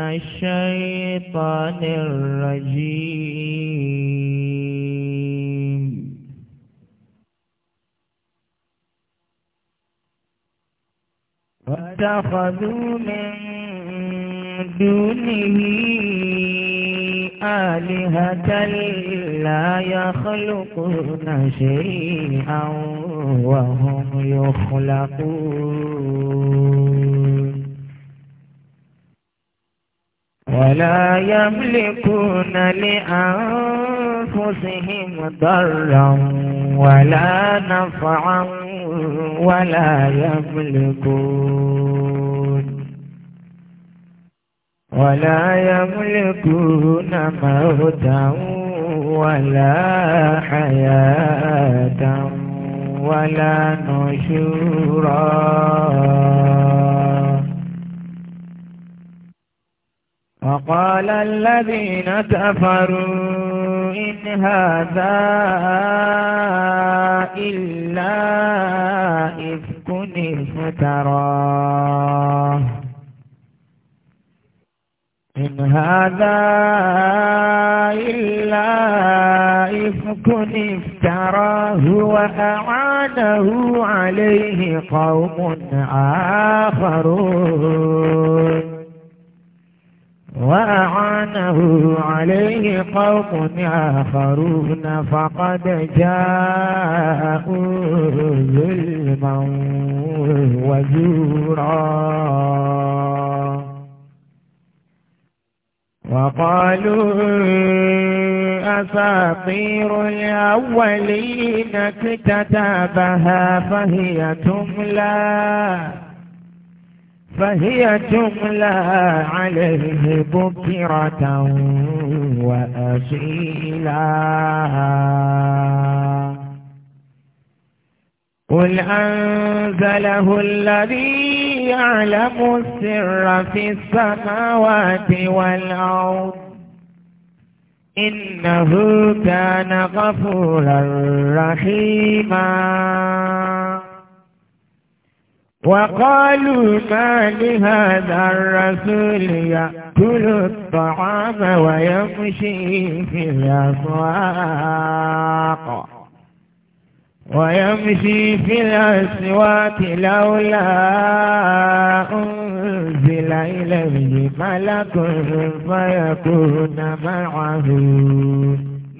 الشيطان الرجيم واتخذوا من دونه آلهة لا يخلقون شيئا وهم يخلقون ولا يملكون لأنفسهم ضرا ولا نفعا ولا يملكون ولا يملكون موتا ولا حياة ولا نشورا وقال الذين كفروا إن هذا إلا إفك افتراه إن هذا إلا إفك افتراه وأعانه عليه قوم آخرون وأعانه عليه قوم آخرون فقد جاءوا ظلما وزورا وقالوا أساطير الأولين اكتتابها فهي تملأ فهي تملى عليه بكرة وأصيلا قل أنزله الذي يعلم السر في السماوات والأرض إنه كان غفورا رحيما وقالوا ما لهذا الرسول يأكل الطعام ويمشي في الأسواق ويمشي في الأسواق لولا أنزل إليه ملك فيكون معه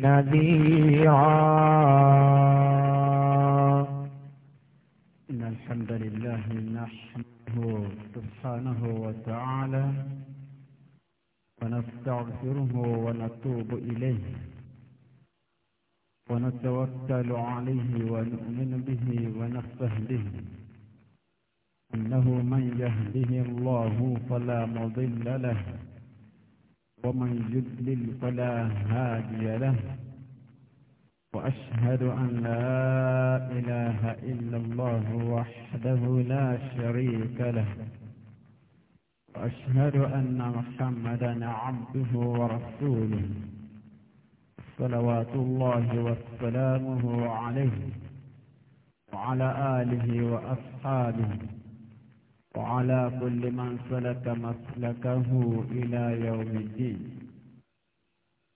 نذيرا الحمد لله نحمده سبحانه وتعالى ونستغفره ونتوب إليه ونتوكل عليه ونؤمن به ونستهده إنه من يهده الله فلا مضل له ومن يضلل فلا هادي له وأشهد أن لا إله إلا الله وحده لا شريك له وأشهد أن محمدا عبده ورسوله صلوات الله وسلامه عليه وعلى آله وأصحابه وعلى كل من سلك مسلكه إلى يوم الدين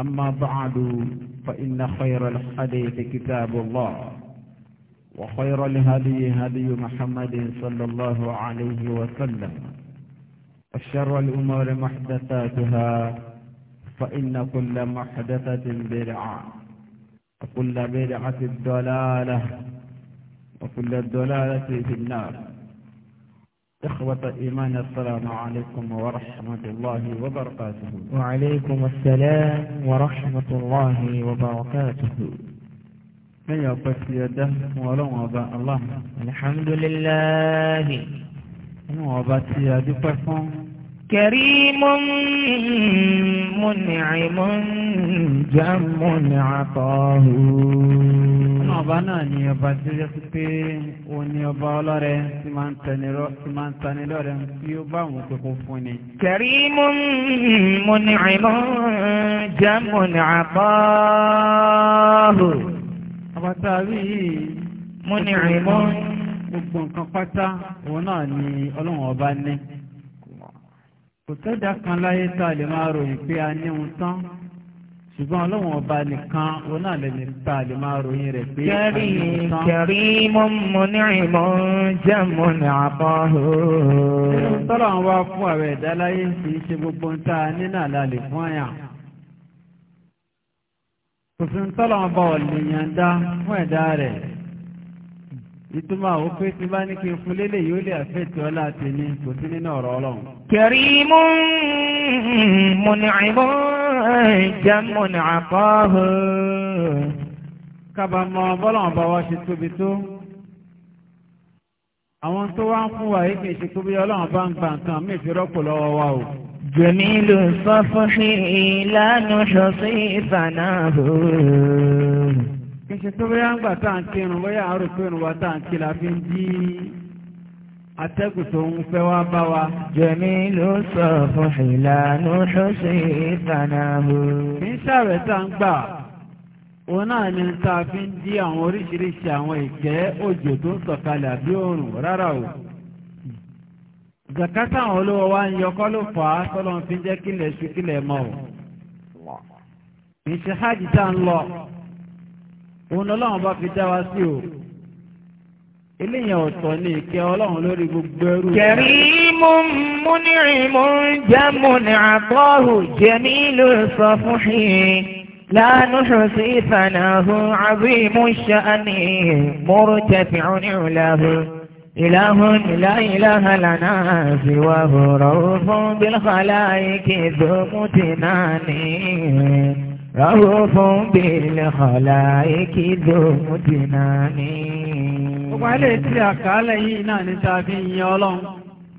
أما بعد فإن خير الحديث كتاب الله وخير الهدي هدي محمد صلى الله عليه وسلم الشر الأمور محدثاتها فإن كل محدثة برعة وكل برعة الدلالة وكل الضلالة في النار إخوة إيمان السلام عليكم ورحمة الله وبركاته وعليكم السلام ورحمة الله وبركاته من يقف يده ولو أبا الله الحمد لله وباتي أدفع كريم منعم جم عطاه ọba náà ni ọba tí ó yẹ sí pé ó ní ọba ọlọ́rẹ tí máa ń tani lọ́rẹ tí ó bá wọn kókó fún ni. كريم منعم جم عطاه. ọba tá a rí yìí. منعم. gbogbo nǹkan pátá òun náà ni ọlọ́run ọba ní kò tẹ́jà kan láyé tá a lè máa ròyìn pé a ní ohun tán ṣùgbọ́n ọlọ́wọ́n ọba nìkan òun náà lè ní tá a lè máa ròyìn rẹ̀ pé a ní ohun tán. kẹrí mọ́ mọ́ ní ìmọ̀ jẹ́ mọ́ ní àpá ooo. tọ́lọ̀ ń wá fún ààrẹ ìdáláyé kì í ṣe gbogbo ń tá a ní náà la lè fún àyàn. kò sí ń tọ́lọ̀ ń bá ọ̀lẹ́yìn dá fún ẹ̀dá rẹ̀ ìtumọ̀ àwọn pé tí bá ní kí n fún lélẹ̀ yóò lè àfẹ́tì ọlá àti ní kò sí nínú ọ̀rọ̀ ọlọ́run. kẹrìmù mùnàìmọ́ ìjàmùnà àkọ́hù. kábàámọ̀ bọ́lọ̀n bá wá ṣe tóbi tó. àwọn tó wá ń fún wa yìí kì í ṣe tóbi ọlọ́run bá ń gba nǹkan mí fi rọ́pò lọ́wọ́ wa o. jamilu sọ́fúnṣe ìlànà ṣọ́sí ìfànàhù kìsì tó bóyá ń gbà tá à ń kírun bóyá àárò pé òun wá tá à ń kí la fi ń jí atẹ́gùn tó ń fẹ́ wá bá wa. jẹ̀mí ló sọ fún ìlànà ṣọ́ṣe ìtànàbò. kì í ṣàrẹ̀ tá ń gbà òun náà ni tá a fi ń jí àwọn oríṣiríṣi àwọn ìkẹ́ òjò tó ń sọ̀kalẹ̀ àbí òòrùn rárá o. zakata àwọn olówó wa ń yọ ló fà á sọ́lọ́n fi jẹ́ kílẹ̀ ṣú kílẹ̀ mọ́ o. ìṣe hajj tá ń lọ òun ọlọ́run bá fi dá wa sí o eléyàn ọ̀tọ̀ ni ìkẹ́ ọlọ́run lórí gbogbo ẹrú. kẹ̀rí mú múnírì mú jẹ́ múni àkọ́hù jẹ́mi ló sọ fún ṣì lánàá ṣòṣì ìfànàhù àbímú ṣáàní mọ́rọ̀ tẹ̀sí òní ìlàhù ìlàhù ìlà ìlàhà lànà síwáhù rọ̀ fún bílkàlà ìkìdó mú ti náà nìyẹn. رؤوف بالخلائق ذو متنان Gbogbo alẹ́ tí àkàálẹ̀ yìí náà ni ta fi ń yan ọlọ́run,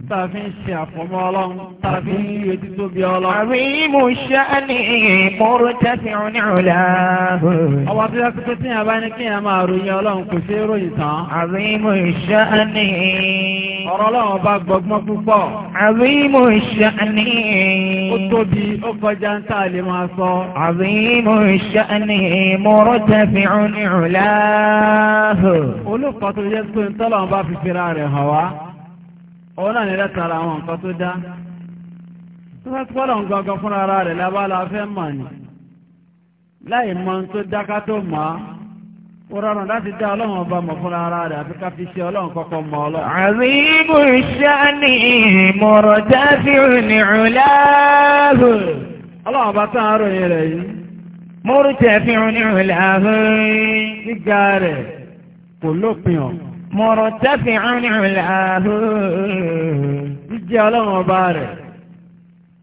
ta fi ń ṣe àfọmọ́ ọlọ́run, ta fi ń yí ojú tó bí ọlọ́run. Àrímù ṣáàní mọ́rọ̀ tẹ́sí òní ọ̀la. Ọwọ́ tó yẹ kó tí yẹn bá ní kí yẹn máa ròyìn ọlọ́run kò ṣeé ròyìn tán. Àrímù ṣáàní ọ̀rọ̀ ọlọ́run bá gbọgbọ́n púpọ̀. Àrímù ṣàní. Ó tóbi, ó kọjá ń tà lè máa sọ. Àrímù ṣàní, mo rọ́jà fi hàn ní ìrùláàhù. Olùkọ́ tó yẹ pé tọ́lọ́run bá fi fira rẹ̀ hàn wá. Òun náà ní lẹ́tàrà àwọn nǹkan tó dá. Tó fẹ́ tọ́lọ̀ ń gangan fúnra rẹ̀ lábá la fẹ́ mọ̀ ni. Láì mọ tó dá tó mọ̀ Òrọ̀rùn láti dá ọlọ́run ọba mọ̀ fún ara rẹ̀ àti ká fi ṣe ọlọ́run kọ́kọ́ mọ̀ ọlọ́run. Àríbù ṣáni mọ̀rọ̀ dáfí ní ìrùláàbù. Ọlọ́run ọba tán àròyìn rẹ̀ yìí. Mọ́rù tẹ̀fí ní ìrùláàbù. Gíga rẹ̀ kò lópin ọ̀. Mọ̀rọ̀ tẹ̀fí ní ìrùláàbù. Jíjẹ́ ọlọ́run ọba rẹ̀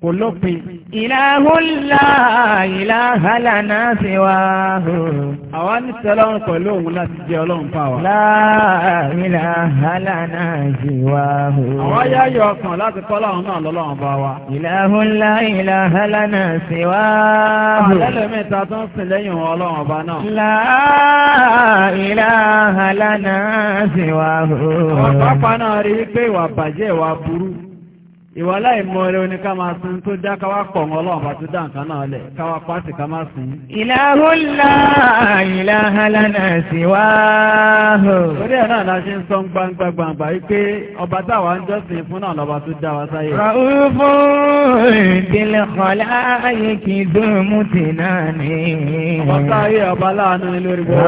kò lópin. ìlàhùnlá ìlàhàlà náà ti wá. àwa ní sẹ́lọ́run pẹ̀lú òun láti jẹ́ ọlọ́run pa wa. ìlàhàlà náà ti wá. àwa yáyọ ọkàn láti kọ́ láwọn náà lọ́lọ́run bá wa. ìlàhùnlá ìlàhàlà náà ti wá. àlẹ́lẹ̀ mẹ́ta tó ń sìn lẹ́yìn wọn ọlọ́run ọba náà. ìlàhàlà náà ti wá. ọ̀pá paná rí i pé ìwà bàjẹ́ ìwà burú ìwà láìmọ̀ rẹ̀ oní ká máa sin tó dá káwà pọ̀mọ́ ọlọ́run bá tó dá nǹkan náà lẹ̀ káwà pàtì ká máa sin. ìlàhùnlá ìlàhàlànà síwáhù. orí ẹ̀ náà la ṣe ń sọ gbangba gbangba wípé ọba táwa ń jọ́sìn fún náà lọ́ba tó dá wa sáyé. ràúfù ìdílé kọlá ayé kì í dùn mú ti náà ní. ọba táyé ọba láàánú ni lórí gbogbo.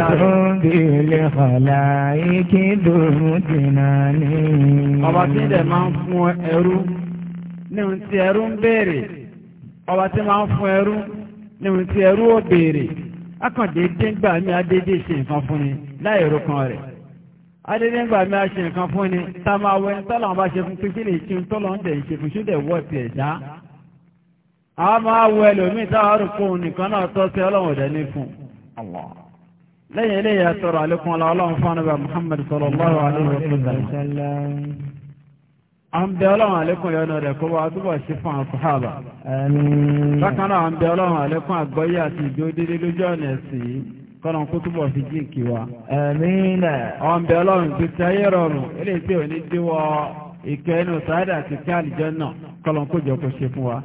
ràúfù ìdílé ayé kì í ẹrú ní ohun tí ẹrú ń béèrè ọba tí máa ń fún ẹrú ní ohun tí ẹrú ò béèrè akàndéédé ńgbà mi adédé ṣe nǹkan fún ni láì ro kan rẹ̀ adédé ńgbà mi a ṣe nǹkan fún ni tá a máa wọ ẹni tọ́lọ̀ wọn bá ṣe fún pínpín lè ṣe tọ́lọ̀ ń dẹ̀ ṣe fún ṣúdẹ̀ wọ́ tiẹ̀ dá a máa wọ ẹlòmíì táwọn rò fóun nìkan náà tọ́ sí ọlọ́run ọ̀dẹ́ ní fún un lẹ́yìn eléyà sọ̀rọ̀ àlékún ọlọ́run fún ọ̀nà bá Muhammad sallallahu alaihi wa sallam an bẹ ọlọ́run àlékún yọnu rẹ̀ kó wá túbọ̀ sí fún àfáàbà. bákan náà an bẹ ọlọ́run àlékún àgbọ́yé àti ìjó dédé lójú ọ̀nà ẹ̀sìn yìí kọ́nà kó túbọ̀ fi jí ìkì wa. an bẹ ọlọ́run gbèsè ayé rọrùn eléyìí tí ò ní díwọ́ ìkẹ́ inú sáádà àti kí àlìjọ náà kọ́nà kó jọ kó ṣe fún wa.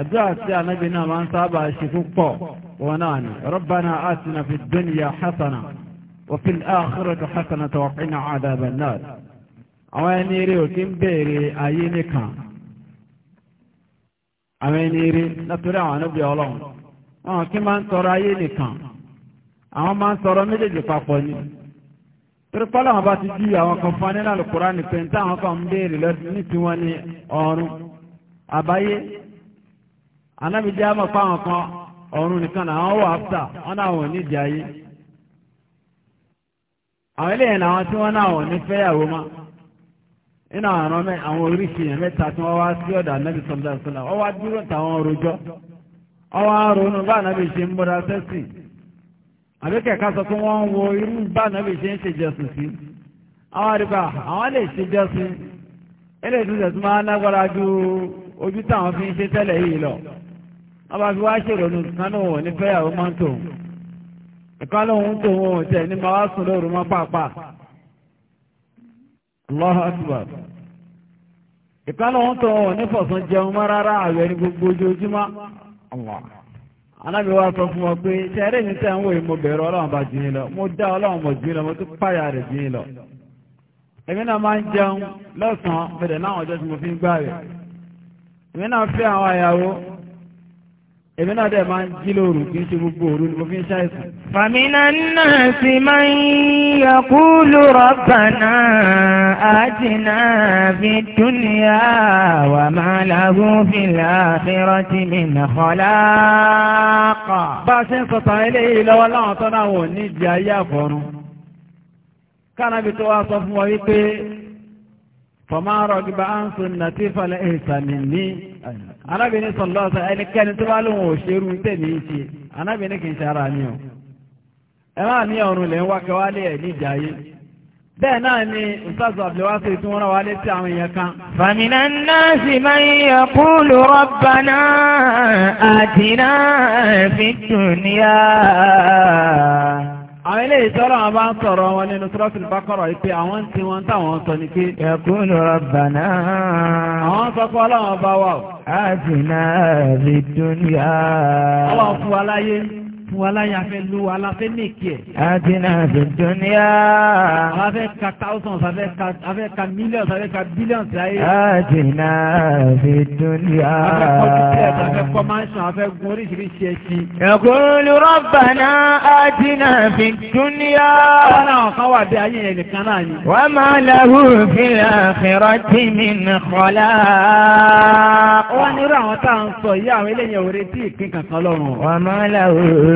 àdúrà tí anábì náà máa ń sábà ṣe púpọ̀ wọn náà ni àwọn ẹni eré ò ń béèrè ayé nìkan àwọn ẹni eré látòrí àwọn ànábì ọlọ́run wọn kí máa ń tọrọ ayé nìkan àwọn máa ń tọrọ méjèèjì papọ̀ ni pírípọ́lá wọn bá ti jí àwọn kan fún anínà lùkúrá ní pé níta àwọn kan ń béèrè lọ́dún ní tiwọn ní ọ̀run àbáyé kan ọ̀run nìkan náà àwọn wọn náà nídìí ayé ina àwọn àwọn oríṣi èèyàn mẹ́ta tí wọ́n wá sí ọ̀dà nẹ́bí sọ́dọ̀ sọ́dà wọ́n wá dúró táwọn orojọ́ ọwọ́ ronú bá nẹ́bí ṣe ń múra sẹ́sì àbíkẹ̀ká sọ pé wọ́n ń wo irú bá nẹ́bí ṣe ń ṣe jẹ́sùn sí àwọn àdìgbà àwọn lè ṣe ilé ìtúnṣe tí lágbára ju ojú táwọn fi ń ṣe lọ bá fi wá kánú wọn ní mọ́tò ìkánú òun tó wọn ò ní Allahu Akbar ìkánà wọn tó wọn ní fọ̀sán jẹun mọ́ rárá àwẹ̀ ní gbogbo ojoojúmọ́ anábìwá sọ fún wọn pé ṣẹ́rẹ́ ní tẹ́ ń wò mo bẹ̀rù ọlọ́run bá jìn lọ mo dá ọlọ́run mọ̀ jìn lọ mo tún páyà rẹ̀ jìn lọ èmi náà máa ń jẹun lọ́sàn-án àyàwó Èmi náà dẹ̀ máa ń jí lóòrù kí n ṣe gbogbo òru ni mo fi ń ṣàìsàn. Fàmínà náà sì máa ń yẹkú lórọ̀ bàná àjìnà fi dúnìyà wà máa lágún fìlà fẹ́rọ́tì mi nàkọ́lá kọ̀. Bá a ṣe ń sọ̀tàn eléyìí lọ́wọ́ láwọn tọ́nà àwọn ò ní ìdí ayé àfọ̀run. Kánábi tó wá sọ fún wa wípé فما رغب عن سنتي فليس مني arábìnrin sọ̀lọ́ ọ̀sán ẹnikẹ́ni tó bá lóun ò ṣerú tèmi ṣe arábìnrin kì í ṣara ni o ẹ máa ní ọ̀run lè ń wákẹ́ wálé ẹ̀ níjà ayé bẹ́ẹ̀ náà ni ustaz abdulwasi tí wọ́n rán wa létí àwọn èèyàn kan. fàmìnà náà sì máa ń yẹ kúlù rọ́bànà àtìná fi àwọn ilé ìtọ́rọ̀ àwọn bá ń sọ̀rọ̀ wọn nínú Suratul Baqara ìpé àwọn tí wọ́n táwọn sọ ní pé ẹ̀kúnlù Rabbana àwọn sọpọ̀ ọlọ́run bá wà áàtìná fid dunya ọlọ́run fún aláyé fún wa láyé afẹ́ ló wa láfẹ́ mèkì ẹ̀. E. àdínà àdìdúnìyà. afẹ́ ka thousands afẹ́ ka millions afẹ́ ka billions láyé. àdínà àdìdúnìyà. afẹ́ kọ́ duplex afẹ́ kọ́ mansion afẹ́ gun oríṣiríṣi ẹṣin. ẹ̀kúlù rọ́bànà àdínà àdìdúnìyà. wọ́n náà wà bí ayé yẹn nìkan náà ni. wọ́n máa lahu fil akhirati min khalaq. wọ́n nírú àwọn táwọn sọ yìí àwọn eléyìí ò retí ìpín kankan lọ́rùn. wọ́n máa lahu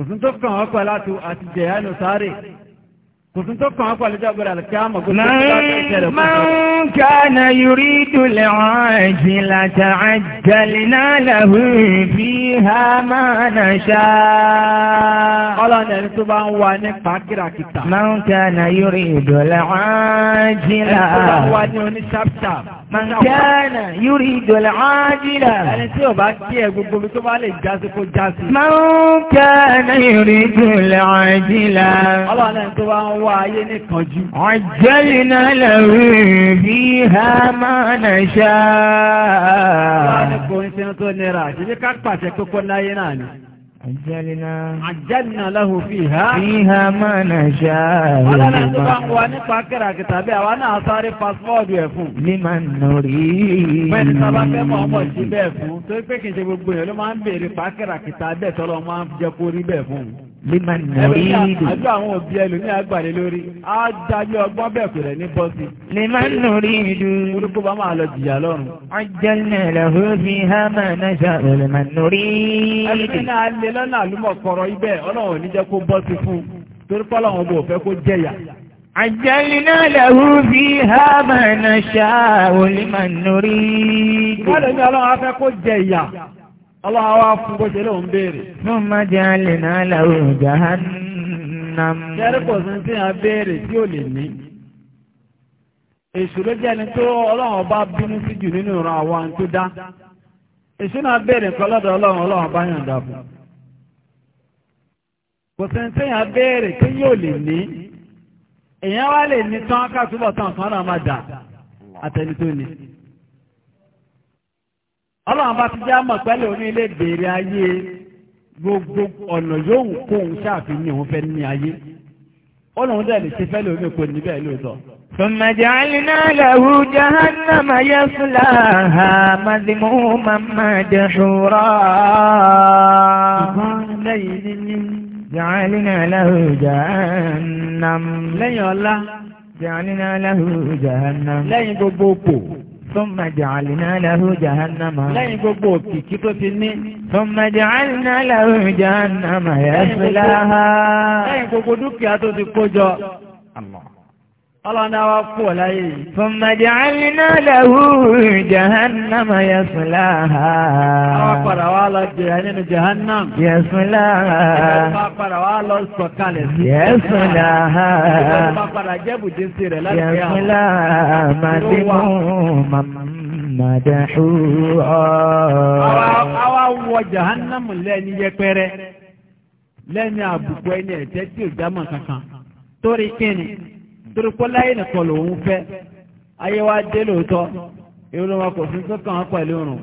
kò sí tó kàn wọ́n pẹ̀ láti àti jẹ̀yà nù sáré kò sí tó kàn wọ́n pẹ̀ lọ́jọ́ gbọ́dọ̀ àti àmọ̀ kò sí tó kàn wọ́n pẹ̀ lọ́jọ́ man kana yuridu al-ajilata ajjalna lahu fiha ma nasha ọlọ́nà ẹni tó bá ń wá ní pàkìràkìtà man kana yuridu al-ajilata ẹni tó bá ń wá ní oní ṣáp ṣáp Mọ̀nkánà yuri ìdọ̀lẹ̀ ajila. Ẹni tí ò bá kí ẹ gbogbo mi tó bá lè jásí kó jásí. Mọ̀nkánà yúrí ìdọ̀lẹ̀ ájílà. Ọlọ́run tó bá ń wá ayé ní kánjú. Ọjọ́ iná lẹ́rù bí ha ṣáà. Wọ́n á kò ń ṣe tó nira, ṣe ká pàṣẹ kókó láyé náà ni. Àjálínà. Àjálínà lahu fiha. Fiha máa nà ṣá àrùn. Ọlọ́run tó bá ń wà nípa kẹ́ràkìtà bí àwa náà sáré pásífọ́ọ̀dù ẹ̀ fún. Límà nù rí. Bẹ́ẹ̀ni sábà fẹ́ mọ̀ ọmọ sí bẹ́ẹ̀ fún. Torí pé kì í ṣe lima nùrídù. àjọ àwọn òbí ẹlòmí àgbàlè lórí á dájú ọgbọ́n bẹ́ẹ̀ kò rẹ̀ ní bọ́sì. lima nùrídù. orúkọ bá máa lọ jìyà lọ́rùn. ọjọ́lẹ̀ lọ́hùn fi há máa ná ṣá lima nùrídù. ẹlòmí náà lè lọ́nà àlùmọ̀kọ̀rọ̀ ibẹ̀ ọlọ́run ò ní jẹ́ kó bọ́sì fún un torí pọ́lọ́run ọgbọ̀n fẹ́ kó jẹ̀yà. àjọ́lẹ̀ lọ́hùn fi há máa ná ṣá lima nùrídù. Allah wa fún bó lóun béèrè. Fún má jẹ́ alẹ́ náà láwọ̀ jahannam. Jẹ́rìkò sí tí a béèrè tí ò lè ní. Èṣù ló jẹ́ ni tó ọlọ́run bá bínú sí jù nínú ìran àwọn tó dá. Èṣù náà bèèrè nǹkan lọ́dọ̀ ọlọ́run ọlọ́run bá yàn dàbò. Kò sí a tí yóò lè ní. Èèyàn wá lè ní tán ká túbọ̀ tán dà ọlọ́run bá ti já mọ̀ pẹ́lú oní ilé béèrè ayé gbogbo ọ̀nà yóò wù kóun ṣàfihàn òun fẹ́ ní ayé ó lóun dẹ̀ lè ṣe fẹ́lú oní kò níbẹ̀ lóòótọ́. ثم جعلنا له جهنم يصلاها مذموما مدحورا جعلنا له جهنم لن يولى جعلنا له جهنم لن يقبوكو ثم جعلنا له جهنم لين بوبوكي كتوتيني ثم جعلنا له جهنم يصلاها لين بوبوكي اتوتي كوجو الله Ọlọ́ndáwà pọ̀ láyé. Fọ̀mọ̀dé àìlínà lẹ́hù jahannama yasulaha. Àwọn padà wá lọ jẹ̀yà nínú jahannam. Yasulaha. Ìjọba padà wá lọ sọ̀kalẹ̀ sí. Yasulaha. Ìjọba padà jẹ́bùdé sí rẹ̀ láti yà. Yasulaha. Màdínú màmàdàhù. Àwa wọ jahannamu lẹ́ni yẹpẹrẹ, lẹ́ni àbùkù ẹni ẹ̀tẹ́ tí ò torí pé láyé nìkan lòun fẹ́ ayé wa dé lóòótọ́ èrò wọn kò sí kàn án pẹ̀lú òrùn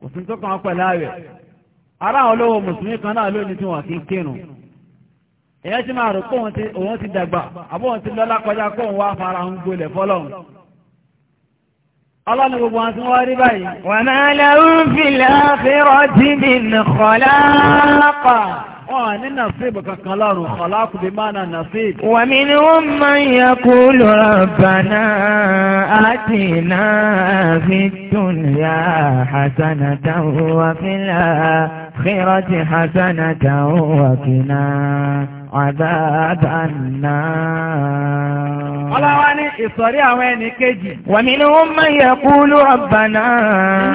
kò sí kàn án pẹ̀lú ààwẹ̀ àwọn olówó mùsùlùmí kan náà lónìí tí wọn kì í kírun èyàn ti máa rò ti òun ti dàgbà àbọ̀ ti lọ́lá kọjá kó wá fara ń gbolẹ̀ fọlọ́run gbogbo wọn rí báyìí. wọn ní nàṣíbù kankan lọ́rùn ọ̀làkùnbí máa na nàṣíbù. wà mí ni wọ́n máa ń yẹ kó lọ rabbana atina fid dunya hasanatan wa fil akhirati hasanatan wa qina àdáadáa náà. Ọlọ́wọ́ ní ìsọ̀rí àwọn ẹni kejì. Wà mí ni wọ́n máa ń yẹ kó lọ Nínú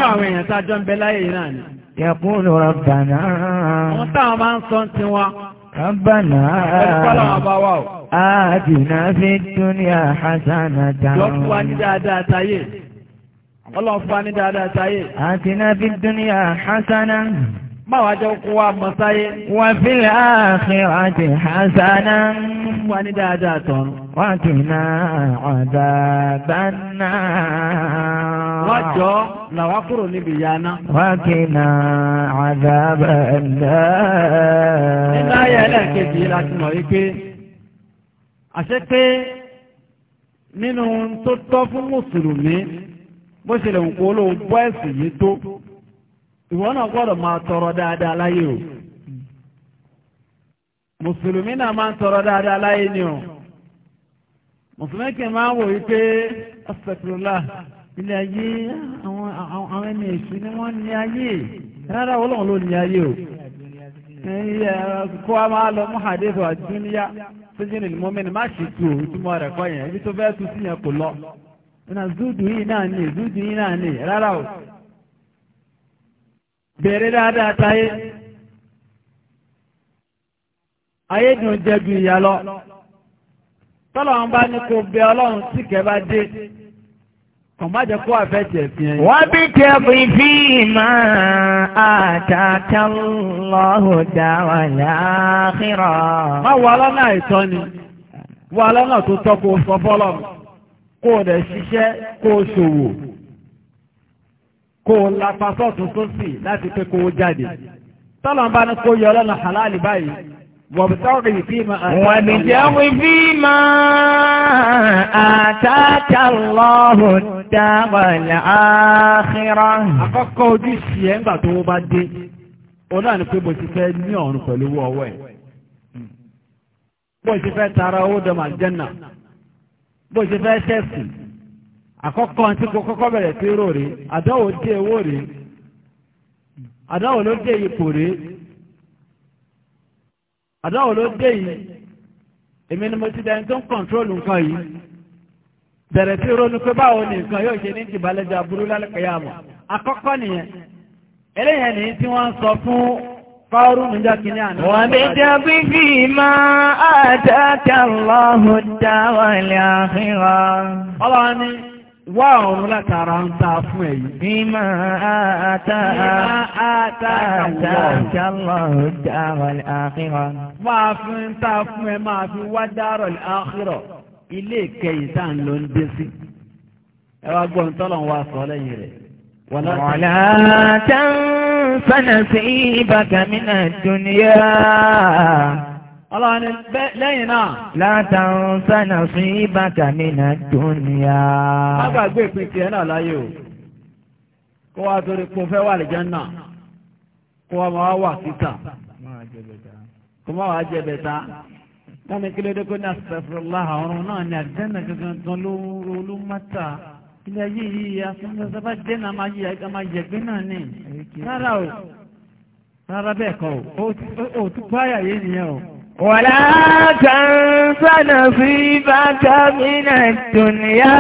àwọn èèyàn tá a jọ ń bẹ láyé náà ni. Yẹ̀kúnlò Rabbana. Wọ́n táwọn máa ń sọ tí wọ́n. Rabbana. Ẹ̀kọ́lọ̀ ọba wa o. Ààdìnà fi dúnìá hasanatan. Lọ fún wa ní dáadáa táyé. Ọlọ́ fún wa ní dáadáa táyé. Ààdìnà fi dúnìá hasanatan. Máwàá jẹ́ kó wá mọ̀ sáyé. Wà fil akhirati hasana. Wà ní dáadáa tọ̀run. Wà kì náà adhaban nar. Wọ́n jọ làwá kúrò níbi ìyáná. Wà kì náà adhaban nar. Nínú ayé ẹlẹ́ẹ̀kejì láti mọ̀ wípé, àṣẹ pé nínú tó tọ́ fún Mùsùlùmí, bó ṣe lè wù kó olóògbọ́ ẹ̀sìn yìí tó ìwọ náà gbọ́dọ̀ máa tọrọ dáadáa láyé o mùsùlùmí náà máa ń tọrọ dáadáa láyé ni o mùsùlùmí kì í máa ń wò wípé asàkùrùlà ilé ayé àwọn àwọn ẹni èṣù ni wọ́n ní ayé rárá ọlọ́run ló ní ayé o kó a máa lọ mú àdéhùn àdúnyá sójúni ni mọ́mí ni má ṣe tu o ìtumọ̀ rẹ̀ kọ́ yẹn ibi tó fẹ́ tu sí yẹn kò lọ. ìnà zúdù yìí náà ni zúdù yìí náà ni rárá o. bẹ̀rẹ̀ dáadáa táyé ayédùn jẹ́bi ìyá lọ bá ní kó bẹ ọlọ́run tí kẹ́ bá dé kò kó àfẹ́ tiẹ̀ wọ́n bí tẹ fi máa àtàkà lọ́hùn dáwà má wà lọ́nà àìtọ́ kó lápasọ́ọ̀tún tó sì láti pé kó jáde tọ́lọ̀ bá ní kó yọ lọ́nà halali báyìí wọ̀bùtọ́rì fi ma wọ̀bùtọ́rì fi ma àtàkà lọ́hùn dáwàlẹ̀ àkírà àkọ́kọ́ ojú sí ẹ̀ ńgbà tó bá dé ó náà ni pé mo ti fẹ́ ní ọ̀run pẹ̀lú ọwọ́ ẹ̀ bó ti fẹ́ tara ó dọ̀mà jẹ́nà bó ti fẹ́ ṣẹ̀sìn àkọ́kọ́ tí kọ́kọ́ bẹ̀rẹ̀ sí rò rí àdáwò dé owó rí àdáwò ló dé ipò rí àdáwò ló dé yìí èmi ni mo ti dẹni tó ń kọ̀ǹtrólù nǹkan yìí bẹ̀rẹ̀ sí ronú pé báwo ni nǹkan yóò ṣe ní ìbálẹ́jà burú lálẹ́kẹ̀yàmọ̀ nìyẹn eléyẹn ni tí wọ́n ń sọ fún fáwọ́rú níjọ́ kìíní àná. wọ́n fi máa wá ọ̀run látara ń ta fún ẹ̀yí. bímọ àtà àtà àjàlọ dárọ̀ àkírọ̀. máa fi ń ta fún ẹ máa fi wá dárọ̀ gbọ́n tọ́lọ̀ wá sọ lẹ́yìn rẹ̀. wọ́lá tán fẹ́nà sí ìbàkàmínà dúníyà. Ọlọ́run lẹ́yìn náà. Látàrún sánà fún ìbàkà mi náà dúnìyà. Má gbàgbé ìpín tiẹ̀ náà láyé o. Kó wá torí kó fẹ́ wà lìjẹ́ náà. Kó wá máa wà títà. Kó máa wà jẹ bẹ̀ta. Wọ́n ní kí ló dé kó ní astaghfirullah ọ̀run náà ní àdánà gangan ló ń rolú mọ́ta. Ilé ayé yìí afẹ́fẹ́ bá dé náà máa yẹgbẹ́ náà ní. Rárá o. Rárá bẹ́ẹ̀ kọ́ o. Òtún báyà yé nìyẹn o. Wàlá tàǹsánà sí bákàmínà dùnìyà.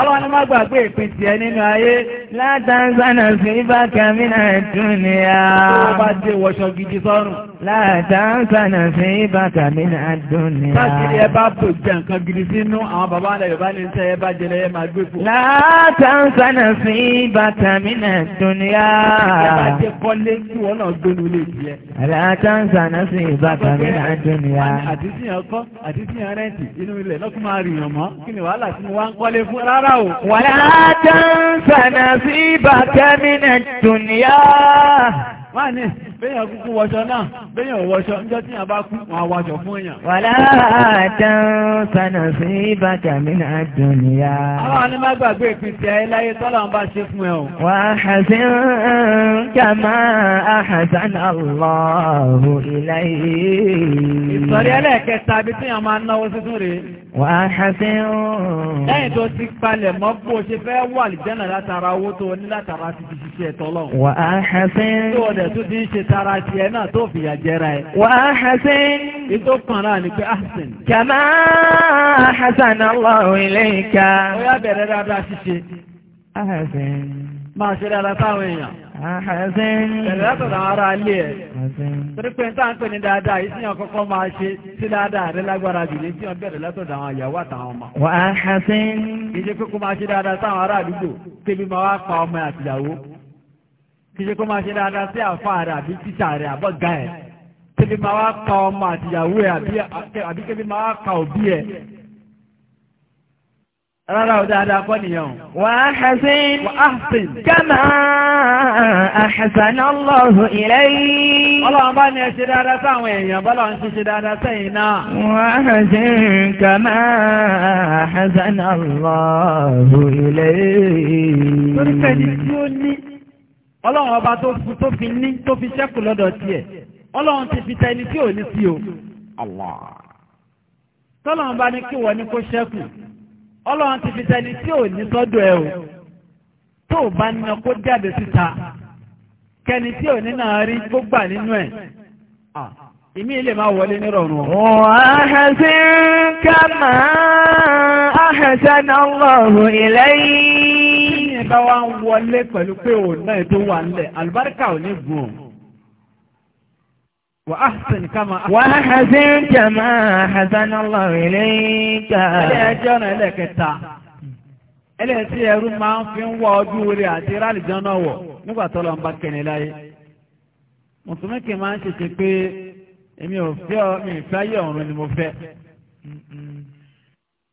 Ọlọ́run ni má gbàgbé ìpín tiẹ̀ nínú ayé látàǹsánà sí bákà mínà dúnìyà. tó bá dé wọṣọ gidi sọ́rùn. látàǹsánà sí bákà mínà dúnìyà. káàkiri ẹ bá bò jẹ nǹkan gidi sínú àwọn bàbá alẹ́ yorùbá ní sẹ́yẹ bá jẹlẹ ẹ máa gbé fún. látàǹsánà sí bákà mínà dúnìyà. ẹ bá dé kọ́lé kí wọ́n náà gbénu lè jẹ. látàǹsánà sí bákà mínà dúnìyà. àti síyàn kọ́ àti síyàn rẹ́ǹtì inú ilẹ̀ lọ́kùnrin máa rìyàn mọ́ kí ni wàhálà tí mo ń kọ́lé fún rárá o. wàhálà نصيبك من الدنيا bẹ́yàn kúkú wọṣọ náà bẹ́yàn wọṣọ níjọ́ tí a bá kú wọn wọṣọ fún èèyàn. wàlá àtàn sànà sí bàtà mìíràn àdùnnìyà. àwọn onímọ̀gbàgbé ìpín ti ayé láyé tọ́lá ń bá ṣe fún ẹ o. wà á hàṣín kàmá àhàṣán Allahu ilayhi. ìsọ̀rí ẹlẹ́ẹ̀kẹta ibi tí a máa náwó tuntun rèé. wà á hàṣín. lẹ́yìn tó ti palẹ̀ mọ́ bó ṣe fẹ́ wà lìjánà tara tiẹ̀ náà tó fìyà jẹra ẹ. wà á hasan. ètò kan náà ni pé hasan. kàmá hasan Allahu ilayka. ó yá bẹ̀rẹ̀ dáadáa ṣíṣe. hasan. máa ṣe dáadáa táwọn èèyàn. hasan. bẹ̀rẹ̀ látọ̀dọ̀ àwọn ará ilé ẹ̀. hasan. torí pé níta ń pè ní dáadáa yìí síyàn kọ́kọ́ máa ṣe sí dáadáa rẹ lágbára jù ní síyàn bẹ̀rẹ̀ látọ̀dọ̀ àwọn ìyàwó àtàwọn ọmọ. wà á hasan. kì í máa ṣe dáadáa táwọn ará àdúgbò kìí kó máa ṣe dáadáa sí àfáà rẹ̀ àbí títà rẹ̀ àbọ̀gá ẹ̀ kébi máa wá ka ọmọ àtìyàwó ẹ̀ àbí kébi máa wá ka òbí ẹ̀ rárá o dáadáa kọ́ nìyẹn wà á hasin. wà á hasin. kama ahasana allahu ilayi. ọlọ́run bá ní ẹ ṣe dáadáa sáwọn èèyàn bọ́lá ń ṣe ṣe dáadáa sẹ́yìn náà. wà á hasin kama ahasana allahu ilayi. torí pé ní tí ó ní. ọlọ́run ọba tó fi ní tó fi ṣẹ́kù lọ́dọ̀ tiẹ̀ ọlọ́run ti fi tẹni tí ò ní sí o Allah tọ́lọ́run bá ní kíwọ́ wọ́n ní kó ṣẹ́kù ọlọ́run ti fi tẹni tí ò ní sọ́dọ̀ ẹ o tó o bá nínú kó jáde síta kẹni tí ò ní náà rí gbà nínú ẹ̀ ìmí ilé máa wọlé ní rọrùn. nírọ̀rùn. ọ̀hẹ́sìn kama ahsana Allahu ilayhi. bá wá ń wọlé pẹ̀lú pé òun náà tó wà ńlẹ̀ àlùbáríkà ò ní gùn wà á sìn kama. wà á hazin jama hazan allah ilayka. ẹlẹ́ ẹjọ́ náà ẹlẹ́kẹta ẹlẹ́ tí ẹrú máa ń fi ń wọ ọdún orí àti rálìjọ́ náà wọ̀ nígbà tó lọ ń bá kẹ́ni láyé. mùsùlùmí kì í máa ń ṣèṣe pé èmi ò fẹ́ ọ mi ìfẹ́ ayé ọ̀run ni mo fẹ́.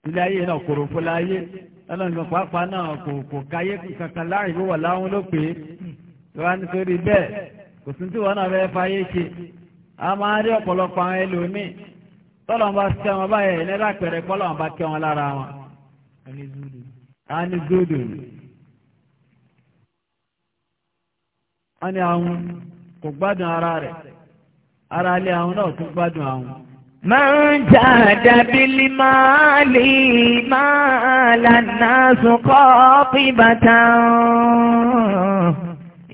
ilé ayé náà kòrò fún láyé ọlọ́run pàápàá náà kò kò káyé kankan láàrin ló wà láwọn ló pé wá nítorí bẹ́ẹ̀ kò sí tí wọn náà fẹ́ fàyè ṣe a máa rí ọ̀pọ̀lọpọ̀ àwọn ẹlòmíì tọ́lọ̀ bá ṣe wọn báyẹ̀ nílá pẹ̀rẹ̀ pọ́lọ̀ bá kẹ́ wọn lára wọn. a ní zúdù wọ́n ní àwọn kò gbádùn ara rẹ̀ ara ilé àwọn náà tún gbádùn àwọn. من جاد بالمال مال الناس قاطبة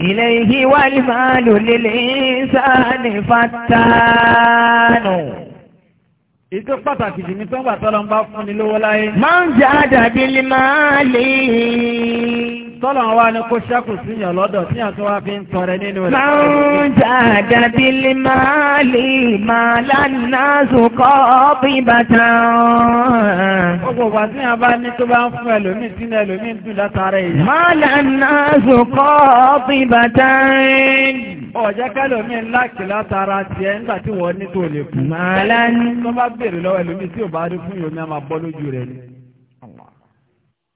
إليه والمال للإنسان فتان Ìtò pàtàkì jù ní tó ń gbà tọ́lọ ń fún ni lówó láyé. Máa ń jẹ́ àdàbí lè máa lè tọ́lọ̀ wa ni kó ṣẹ́kù síyàn lọ́dọ̀ tí yàn tó wá fi ń tọrẹ nínú rẹ̀. máa ń jàdà bí lè máa lè máa lánàá sùkọ́ bí bàtà. gbogbo wa tí yàn bá ní tó bá ń fún ẹlòmíì sínú ẹlòmíì dùn látara èyí. máa lánàá sùkọ́ bí bàtà. ọ̀jẹ̀ kẹlòmíì láàkì látara tiẹ̀ nígbà tí wọ́n ní tó lè kú. máa lánàá. tó bá béèrè lọ́wọ́ ẹlòmíì tí ò bá rí fún yòómi á máa bọ́ lójú rẹ̀ ni.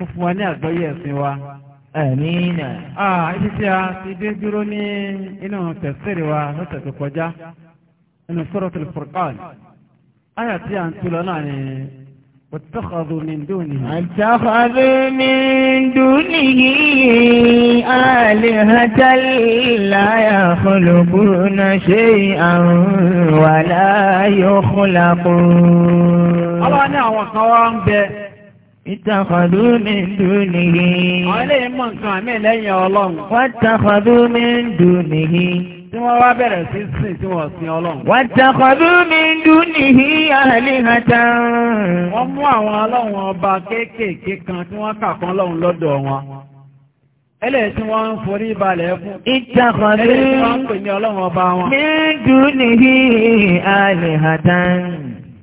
kó fún wa ní àgbọ́yé ẹ̀sìn wa. Àmínà. Ibi tí a ti dé dúró ní inú tẹ̀sírì wa lọ́sẹ̀ tó kọjá nínú Suratul Furqan. Àyà tí a ń tu lọ náà ni واتخذوا من دونه اتخذوا من دونه آلهة لا يخلقون شيئا ولا يخلقون. Àwọn ni àwọn kan Ìtàkọ̀dú mi dùn nìyí. Àwọn ilé ìmọ̀ nǹkan àmì lẹ́yìn Ọlọ́run. Wọ́n tàkọ̀dú mi dùn nìyí tí wọ́n wá bẹ̀rẹ̀ sí sìn tí wọ́n sin ọlọ́run. wọ́n tàkọ̀dú mi dún níhí àhàlì hàtà. wọ́n mú àwọn ọlọ́run ọba kéékèèké kan tí wọ́n kà kan lọ́run lọ́dọ̀ wọn. ẹlẹ́ tí wọ́n ń forí balẹ̀ fún. ìtàkọ̀dú mi dún níhí àhàlì hàtà.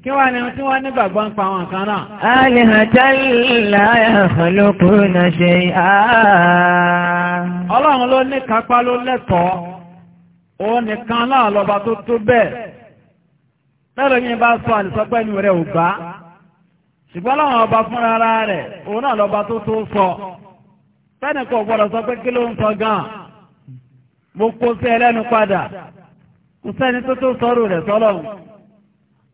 kíwà wá ni tí wọ́n ń pa wọn kan náà? A lè ẹ̀fọ́lókù náà ṣe Ọlọ́run ló ní kápá ló lẹ́tọ̀ọ́, ó nìkan náà lọba tó tó bẹ́ẹ̀. Lẹ́rọ yìí bá sọ àdìsọ́pẹ́ rẹ̀ ò bá. Ṣùgbọ́n láwọn ọba fúnra ara rẹ̀, òun sọ. Fẹ́ni kò gbọ́dọ̀ sọ pé kí gan-an. Mo kó sí ẹlẹ́nu padà. Kò sẹ́ni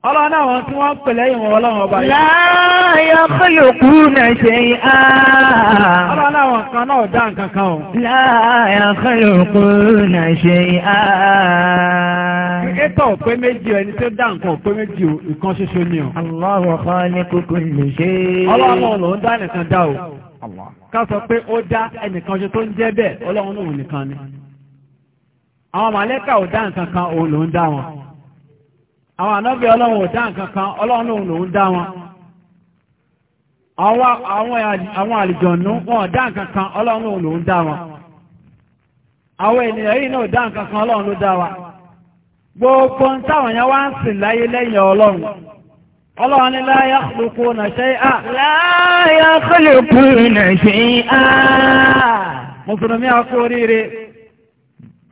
Ọlọ́run àwọn tí wọ́n pẹ̀lẹ́ ìwọ̀n ọlọ́run ọba yìí. Láyọ̀ fẹ́lòkú náà ṣe á. Ọlọ́run àwọn kan náà dá nǹkan kan o. ni o. Allahu khaliqu kulli shay. Ọlọ́run ló ń dá nìkan dá o. Ká sọ pé ó dá ẹnìkan ṣe tó ń jẹ́ ni. Àwọn màlẹ́kà ò dá nǹkan kan òun àwọn ànábì ọlọ́run ò dá nǹkan kan ọlọ́run lòun lòun dá wọn àwọn àlìjọ̀nú wọn ò dá nǹkan kan ọlọ́run lòun lòun dá wọn àwọn ènìyàn yìí náà dá nǹkan ọlọ́run ló dá wa gbogbo ń táwọn yẹn wá ń sìn láyé lẹ́yìn ọlọ́run ọlọ́run ni la yakhluquna shay'a. la yakhluquna shay'a. mùsùlùmí akú oríire.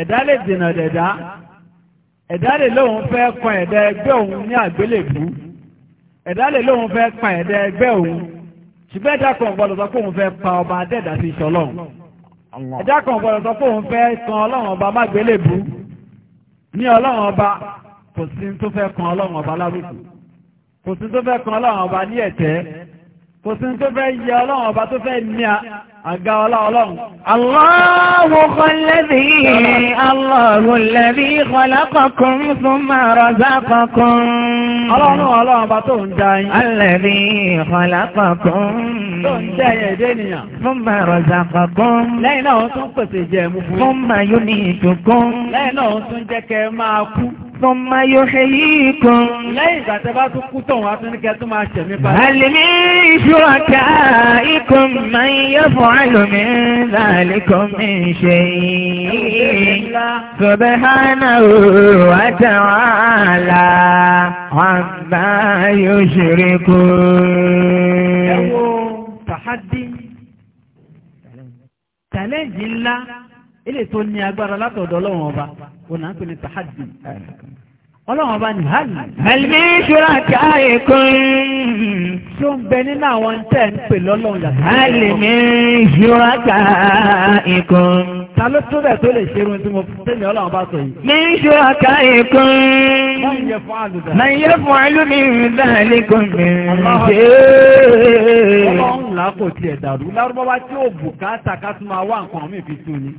ẹ̀dá lè dènà dẹ̀dá ẹ̀dá lè lóun fẹ́ kan ẹ̀dá ẹgbẹ́ òun ní àgbélébú ẹ̀dá lè lóun fẹ́ kan ẹ̀dá ẹgbẹ́ òun ṣùgbọ́n ẹ̀dá kan gbọ́dọ̀ sọ pé òun fẹ́ pa ọba adẹ́dà sí ìṣọlọ́run ẹ̀dá kan gbọ́dọ̀ sọ pé òun fẹ́ kan ọlọ́run ọba mágbélébú ní ọlọ́run ọba kò sí tó fẹ́ kan ọlọ́run ọba lárúkú kò sí tó fẹ́ kan ọlọ́run ọba ní ẹ̀tẹ́ kò sí tó fẹ́ yẹ ọlọ́run ọba tó fẹ́ ní àga ọlọ́run. Allahu khalladhi Allahu alladhi khalaqakum thumma razaqakum. Ọlọ́run ọlọ́run ọba tó ń dá yín. Alladhi khalaqakum. Tó ń dá yẹ ìdé ènìyàn. Thumma razaqakum. Lẹ́yìn náà ó tún pèsè jẹ Súnmọ́ yóò ṣe yìí kan. Lẹ́yìn ìgbà tẹ́ bá tún kú tọ̀hún atúnikẹ́ tún máa ṣẹ̀mí padà. Àlèmí ìṣúra ká ikùn máa ń yẹ fún àlòmí láàlékọ́ mi ṣe yìí. Sọ̀bẹ̀ hánà òòrùn àtàwọn àlà wọn bá yóò ṣeré kú. Ẹ wo tàhádì, tàlẹ́ǹdì ńlá ilé tó ní agbára látọ̀dọ̀ ọlọ́run ọba òun náà pè ní tahaddi ọlọ́run bá ní hàlì. ẹ̀lmí ṣúra káyé kún. ṣó ń bẹ nínú àwọn tẹ́ ń pè lọ́lọ́run yàtọ̀. hàlì mi ṣúra káyé kún. ta ló tó bẹ̀ tó lè ṣe irun tí mo tẹ̀lé ọlọ́run bá sọ yìí. mi ṣúra káyé kún. máa ń yẹ fún alúmi ìdáhàlì kún mi ṣe. ọlọ́run làákò tiẹ̀ dàrú lárúbáwá tí ò bùkátà ká tún máa wá nǹkan mi fi tún ni.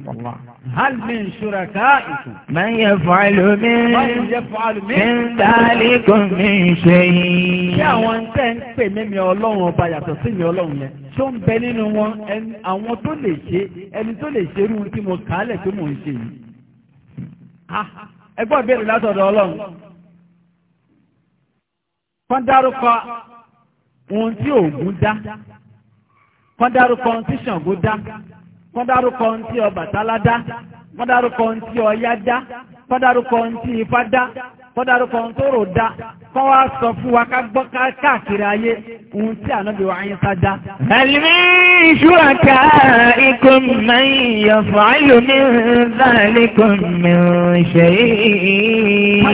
هل من شركائكم من يفعل من من يفعل من ذلك من شيء ṣé àwọn tẹ́ ń pè mímí ọlọ́run ọba yàtọ̀ sí mi ọlọ́run yẹn tó ń bẹ nínú wọn àwọn tó lè ṣe ẹni tó lè ṣe irú tí mo kàálẹ̀ tó mò ń ṣe yìí ẹgbọ́n ìbéèrè látọ̀dọ̀ ọlọ́run kọ́n dárúkọ ohun tí òògùn dá kọ́n dárúkọ ohun tí ṣàngó dá wọ́n dárúkọ ohun tí Ọbàtálá dá wọ́n dárúkọ ohun tí Ọya dá wọ́n dárúkọ ohun Ifá dá wọ́n dárúkọ ohun dá kọ́ wá sọ fún wa ká gbọ́ káàkiri ayé ohun tí ànábì wa ayé sá dá. Àlùmí ìṣúwàká ikú mẹ́yìn yọ̀fọ̀ àlùmí ń zàlékùn mi ò ṣe é.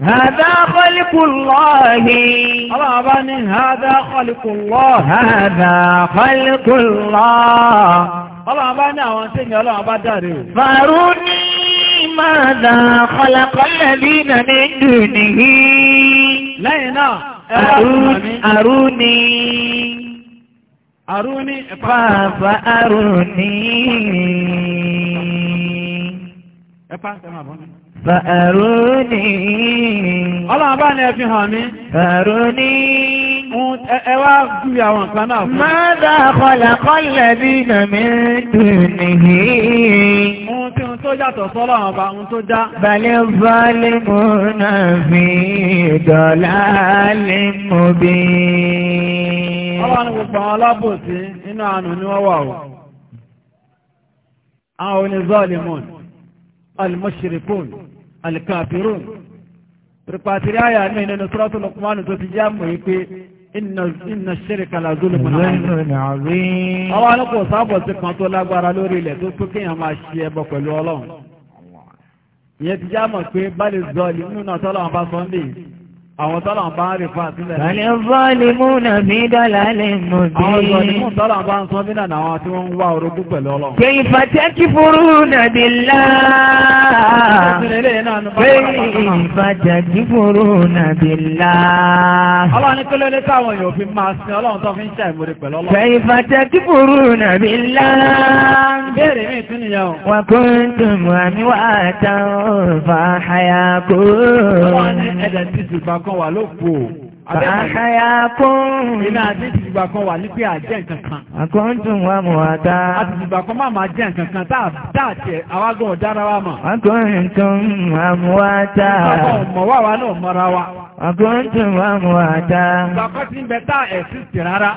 هذا خلق الله هذا خلق الله هذا خلق الله الله الله فاروني ماذا خلق الذين من دونه لينا أروني أروني فأروني أروني إيه، Fàárúní. Ọlọ́run bá ní ẹfin hàn mí. Fàárúní. Ẹ wá júwe àwọn nǹkan náà fún. Má dá kọlàkọlẹ̀ bí nàmí dùn nìyí. Ohun tí ohun tó yàtọ̀ sọ́lọ́ àwọn ọba ohun tó dá. Bàlẹ̀ bọ́lẹ̀ mú náà fi dọ̀lá lè mú bí. Ọlọ́run gbogbo àwọn alábòsí nínú àánú ni wọ́n wà o. Àwọn onízọ́ọ̀lì mọ̀ ọ̀lùmọ̀ṣirikóòlù alikafirun pípàtìrí àyà ní nínú sọ́rọ́tù Luqman tó ti já mọ̀ yí pé iná ṣẹ́ríkà làzúlù mọ̀ náà àwọn alùpùpù sábọ̀ sí kan tó lágbára lórí ilẹ̀ tó tó kéèyàn máa ṣe ẹbọ pẹ̀lú Ọlọ́run ìyẹn ti já mọ̀ pé bá lè zọ́ọ̀lì nínú náà tọ́lọ́run àwọn tọ́lọ̀ bá ń rí fún àtílẹ̀. Àlẹ́ vọ́ọ̀lìmú náà bí dọ́là lè mú bí. Àwọn ìgbọ̀nìmú tọ́lọ̀ bá ń sọ bí nàdà àwọn tí wọ́n ń wá orogún pẹ̀lú ọlọ́run. Kì í fàtẹ́ kí fúrú nàbí láà. Kì í fàtẹ́ kí fúrú nàbí láà. Ọlọ́run ní kílódé táwọn èèyàn fi máa sin ọlọ́run tó fi ń ṣe ìmúrí pẹ̀lú ọlọ́run. Kì í fàtẹ́ kí fúrú nàbí láà. Béèrè mi tún nìyẹn o. Wà kó ń dùn àmì wà á tán fà á kan wà ló kú o. Àṣàyà kún. Iná àti ìtìgbà kan wà ní pé àjẹ́ nǹkan kan. Àkọ́ńtùn wa mọ̀ wá dá. Àti ìtìgbà kan máa máa jẹ́ nǹkan kan táà tẹ̀ àwágán ọ̀dára wa mọ̀. Àkọ́ńtùn wa mọ̀ wá dá. Àwọn ọmọ wa wa náà mọ́ra wa. Àkọ́ńtùn wa mọ̀ wá dá. Ìgbà kan ti ń bẹ tá ẹ̀sì sí rárá.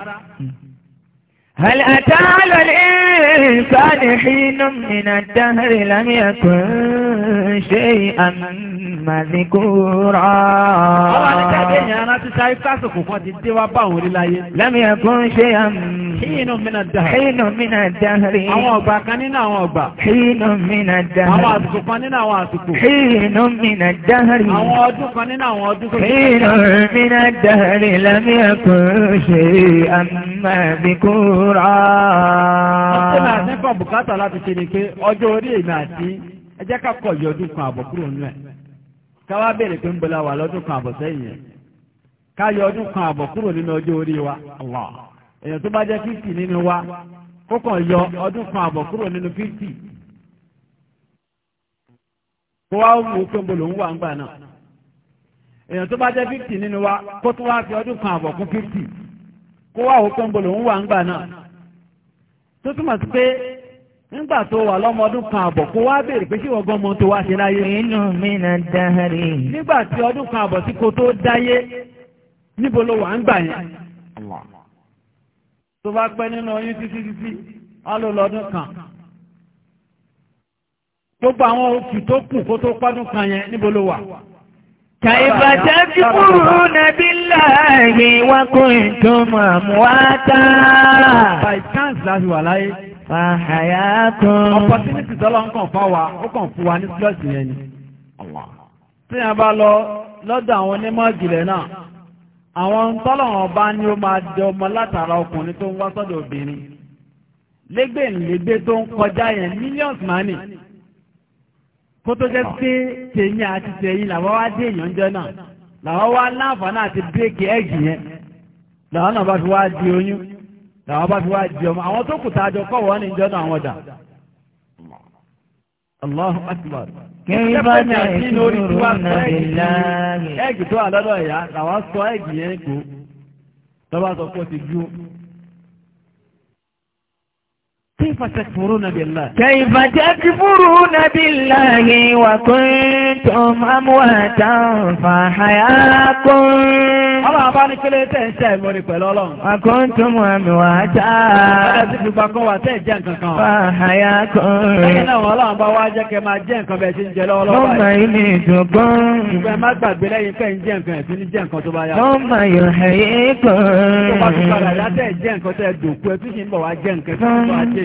هل أتى على الإنسان حين من الدهر لم يكن شيئا مذكورا لم يكن شيئا حين من الدهر حين من الدهر حين من الدهر حين من الدهر حين من الدهر لم يكن شيئا مذكورا Ọjọ́ orí èmi àti ẹjẹ́ ká kọ̀ yọdún kan àbọ̀ kúrò nínú ẹ̀. káwá béèrè pé ń bọ́lá wà lọ́dún kan àbọ̀ sẹ́yìn yẹn ká yọ ọdún kan àbọ̀ kúrò nínú ọjọ́ orí wa Allah èèyàn tó bá jẹ́ fífì nínú wa kó kàn yọ ọdún kan àbọ̀ kúrò nínú fífì kó wá wù ú pé ń bọ́lá òun wà ń gbà náà èèyàn tó bá jẹ́ fífì nínú wa kó tó wá fi ọdún kan àbọ̀ kún fífì kó wá wù ú pé ń wà ń gbà náà tó túmọ̀ sí pé. nígbà tó wà lọ́mọdún kan àbọ̀ kó wá béèrè pé kí mọ tó wá ṣe láyé. inú mi na dáhàrí. nígbà tí ọdún kan àbọ̀ tí kò tó dáyé níbo ló wà ń gbà yẹn. tó bá pẹ́ nínú oyún títí títí wọ́n ló lọ́dún kan. gbogbo àwọn oṣù tó kù kó tó pọ́dún kan yẹn níbo ló wà. tẹ́tí kúrú nàbí láàyè fàáyà kan. opportunity tọ́lọ́ ń kàn fáwa ó kàn fún wa ní slọ́ọ̀sì yẹn ni. tí a bá lọ lọ́dọ̀ àwọn onímọ̀ ìjìnlẹ̀ náà àwọn tọ́lọ̀wọ̀n bá ní ó máa jẹ ọmọ látara ọkùnrin tó ń wá sọ́dọ̀ obìnrin Légbè légbèlégbè tó ń kọjá yẹn millions money kó tó jẹ́ pé tèmi àti tẹ̀yìn làwọn wá dé èèyàn jẹ́ náà làwọn wá láǹfààní àti bírèkì ẹ̀gì yẹn làwọn náà bá fi wá di oyún. na bá fi wá jẹ ọmọ àwọn tó kù tá kọ́ wọ́n ní Allahu akbar. Ẹ̀gì tó wà lọ́dọ̀ làwọn sọ ẹ̀gì yẹn Tọ́ba sọ pé ó كيف تكفرون بالله كيف تكفرون بالله وكنتم أمواتا فحياكم Ọlọ́run bá ní kílé tẹ́ ń ṣe ìmọ̀rí pẹ̀lú ọlọ́run. Àkóńtún mú àmì wá tá. Ọlọ́run ti fi gbà kan wà tẹ́ jẹ́ nǹkan kan. Fàáyà kan. Lẹ́yìn náà ọlọ́run bá wá jẹ́ kẹ́ máa jẹ́ nǹkan bẹ́ẹ̀ ṣe ń jẹ lọ́wọ́ lọ́wọ́ báyìí. Lọ́mọ ilé ìdùnkún. Ṣùgbọ́n ẹ má gbàgbé lẹ́yìn pé ń jẹ́ nǹkan ẹ̀sìn ní jẹ́ nǹkan tó bá yá. Lọ́mọ ìhẹ̀yẹ́ kan. Tó bá tún padà yá tẹ́ jẹ́ nǹkan tẹ́ dòkú ẹ tún ṣì ń bọ̀ wá jẹ́ nǹkan tó bá jẹ́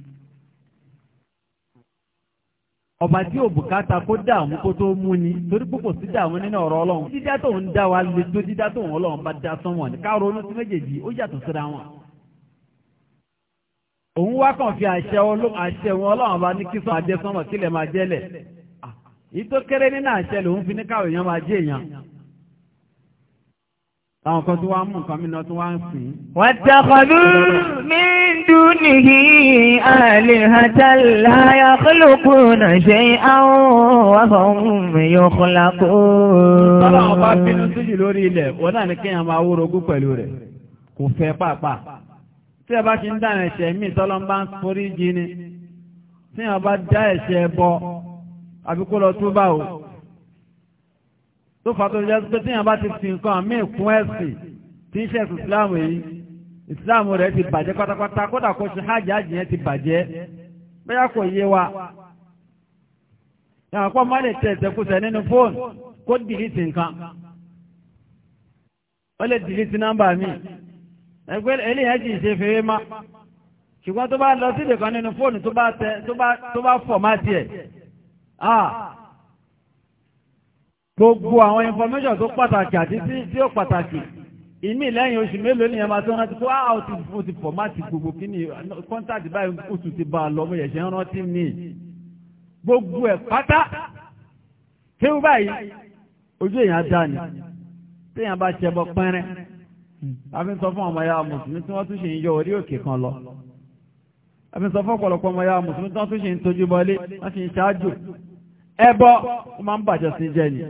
ọba tí ò bùkátà kó dààmú kó tó mú ni torí púpọ̀ sí dààmú nínú ọ̀rọ̀ ọlọ́run dídá tó ń dá wa lè tó dídá tó ń ọlọ́run bá dá sánwọ̀n ní ká ronú sí méjèèjì ó yàtọ̀ síra wọn. òun wá kàn fi àṣẹ wọn ọlọ́run bá ní kí sọ àjẹsánwọ̀n kílẹ̀ máa jẹ́lẹ̀ èyí ah, nínú àṣẹ lòun fi ní káwé èèyàn máa jẹ́ èèyàn Àwọn kan tó wá mú nǹkan mìíràn tó wá ń sìn. Wàtàkọ̀dú mi ń dún nìyí àlè àtàlà àyàkọ́lòkù náà ṣe àwọn wàfọ̀hún yóò kọ́lá kó. Bọ́lá bá bínú síjì lórí ilẹ̀, wọ́n náà ní kéèyàn tó fàtó jẹ́ pé tíyàn bá ti fi nǹkan míì kún ẹ̀sìn tí ń ṣẹ̀sìn ìsìláàmù yìí ìsìláàmù rẹ̀ ti bàjẹ́ pátápátá kódà kó ṣe hajj àjì yẹn ti bàjẹ́ bóyá kò yé wa yàrá pọ́ má lè tẹ̀ ẹ̀sẹ̀kùsẹ̀ nínú fóònù kó dìlítì nǹkan ó lè dìlítì nọ́mbà mi ẹgbẹ́ eléyìí ti ṣe fèrè má ṣùgbọ́n tó bá lọ sílẹ̀ kan nínú fóònù tó bá fọ̀ má tiẹ̀ gbogbo àwọn information tó pàtàkì àti tí ó pàtàkì ìmí lẹ́yìn oṣù mélòó ni ẹ máa tó rántí pé áà ah, ó ti fọ̀mátì gbogbo kí ni kọ́ńtàtì báyìí oṣù ti bá a lọ mo yẹ̀ṣẹ̀ rántí ní gbogbo ẹ̀ pátá kéwú báyìí ojú èèyàn dá ni téèyàn bá ṣe ẹbọ pẹ́rẹ́ àfi ń sọ fún ọmọ ya mùsùlùmí tí wọ́n tún ṣe ń yọ orí òkè kan lọ àfi ń sọ fún ọ̀pọ̀lọpọ̀ ọmọ ya mùsùlùmí tí wọ́n tún ṣe ń tojú bọlé wọ́n ṣe ń ṣáájú ẹbọ ó máa ń bàjẹ́ sí jẹ́ ni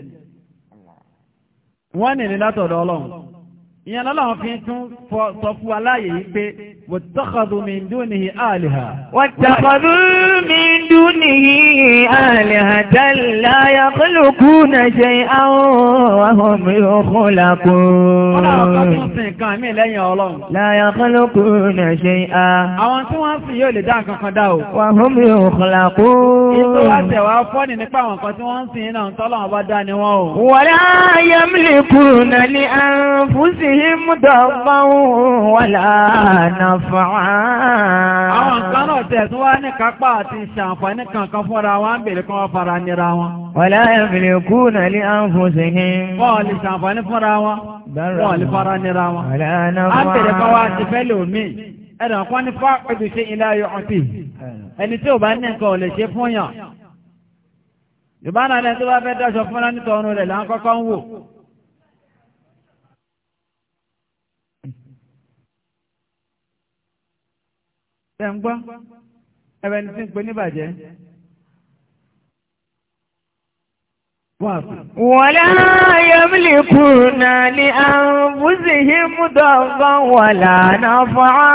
wọ́n nì ní látọ̀dọ̀ ọlọ́run ìyẹn lọ́lọ́run fi tún sọ fún wa láàyè yìí pé wọ́n tọ́kọ̀dù min dúnìí àlìhà. wọ́n tọ́kọ̀dù min دونه آلهة لا يخلقون شيئا وهم يخلقون لا يخلقون شيئا وهم يخلقون ولا يملكون لأنفسهم ضرا ولا نفعا àǹfààní kankan fọ́ra wọn bèèrè kan fara nira wọn. Wọ́lá ẹ̀fìlẹ̀ kú nà lé àǹfọ̀sẹ̀ hìn. Wọ́n lè ṣàǹfààní fọ́ra wọn. Wọ́n lè fara nira wọn. A bèèrè kan wá ti fẹ́ lòmí. Ẹ̀rọ kan ní fáàkùdù ṣe ilé ayọ̀ ọ̀tì. Ẹni tí ò bá ní nǹkan ò lè ṣe fún yàn. Yorùbá náà lẹ́ni tó bá fẹ́ dáṣọ fúnra nítorí rẹ̀ ń kọ́kọ́ ń wò. ń gbọ́? ẹ̀wẹ̀ ni tí ń pè níbàjẹ́. Wọ̀lá yẹ́mìlì kùnà ní àrùnbùsì hímúdọ̀ gan wọ̀lá náà fọ́á.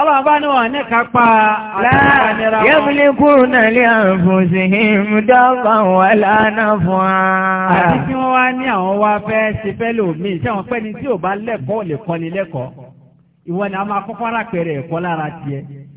Ọlọ́ọ̀bá ní wọ̀n ní kápá àtàrà yẹ́mìlì kùnà ní àrùnbùsì hímúdọ̀ gan wọ̀lá náà fọ́á. Àti kí wọ́n wá ní àwọn wá fẹ́ ṣe fẹ́ lòmí, ṣé àwọn pẹ́ni tí ò bá lẹ́kọ̀ọ́ lè kọ́ni lẹ́kọ̀ọ́. Ìwọ ni a máa kọ́kọ́ rápẹ̀rẹ̀ ẹ̀kọ́ lára tiẹ̀.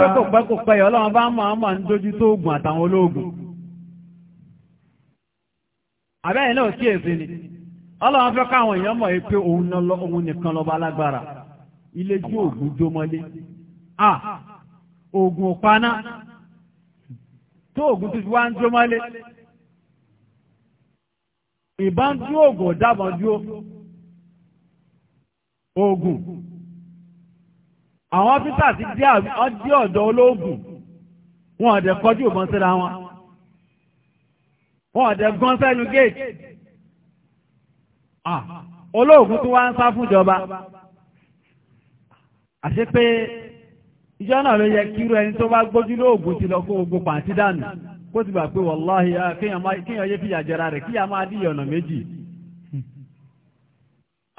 pẹ́ kò pẹ́ kò pẹ́ yọ ọlọ́run bá máa máa ń dojú tó oògùn àtàwọn olóògùn. àbẹ́yìn náà kíyèsí ni ọlọ́run fẹ́ káwọn èèyàn mọ̀ pé òun nìkan lọ́ba alágbára ilé tí oògùn jómọlé à oògùn òpaná tó oògùn tó fi wá ń jómọlé ìbá ń dúró oògùn ọ̀dàbọ̀n dúró oògùn. àwọn ọ́fíìsà ti dé ọdí ọdọ olóògùn wọn ọ̀dẹ̀ kọjú ìbọn síra wọn wọn ọ̀dẹ̀ gan géètì olóògùn tó wá ń sá fúnjọba àṣé pé ìjọ náà ló yẹ kíru ẹni tó bá gbójú lóògùn ti lọ kó gbogbo pàǹtí dànù kó ti gbà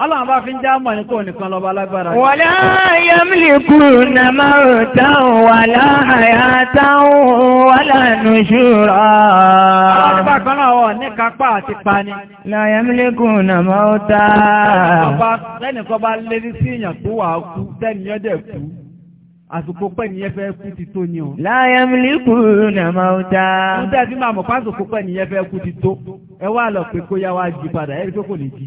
Ọlọ́run bá fi ń já mọ̀ ní kò nìkan lọba lágbára. Wala yamlikuna mautan wala hayatan wala nushura. Ọlọ́run bá kan náà wọ̀ ní kápá àti pani. La yamlikuna mautan. Lẹ́nìkan bá lérí sí ìyàn tó wà kú, tẹ́niyàn dẹ̀ kú àsìkò pẹ́ nìyẹn fẹ́ kú ti tó ni o. láyé mílíkù nà máa ń dá. mo tẹ́ ẹ fi máa mọ̀ pásìkò pẹ́ nìyẹn fẹ́ ti tó ẹ wá lọ pé kó yá wá jí padà ẹ rí pé kò ní jí.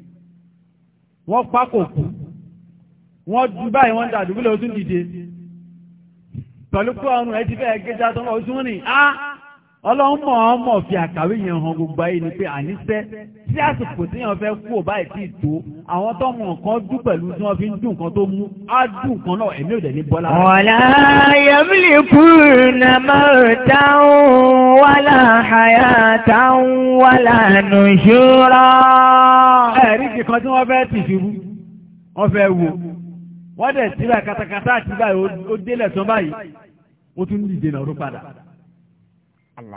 wọ́n pákòkù wọ́n dú báyìí wọ́n dàdúgbìlẹ̀ ó tún dìde pẹ̀lú pé ọrùn ẹ ti fẹ́ gẹ́jà tó lọ ó tún rìn á ah! ọlọ́mọ ọmọ fi àkàwé yẹn hàn gbogbo ayé ni pé àníṣẹ́ tí àsìkò tí yẹn fẹ́ kú ò báyìí tí tó àwọn tọ́mọ nǹkan dún pẹ̀lú tí wọ́n fi ń dùn nǹkan tó mú á dùn nǹkan náà ẹ̀mí ò dẹ̀ ní bọ́lá. ọ̀la yẹ́mìlì kùnà máa táwọn wàlà àyà táwọn wàlà nùṣúra. ẹ̀rí kìkan tí wọ́n fẹ́ tìṣubú wọ́n fẹ́ wo wọ́n dẹ̀ síbà katakata àti báyìí ó délẹ̀ sọ báyìí ó tún dìde náà rú padà.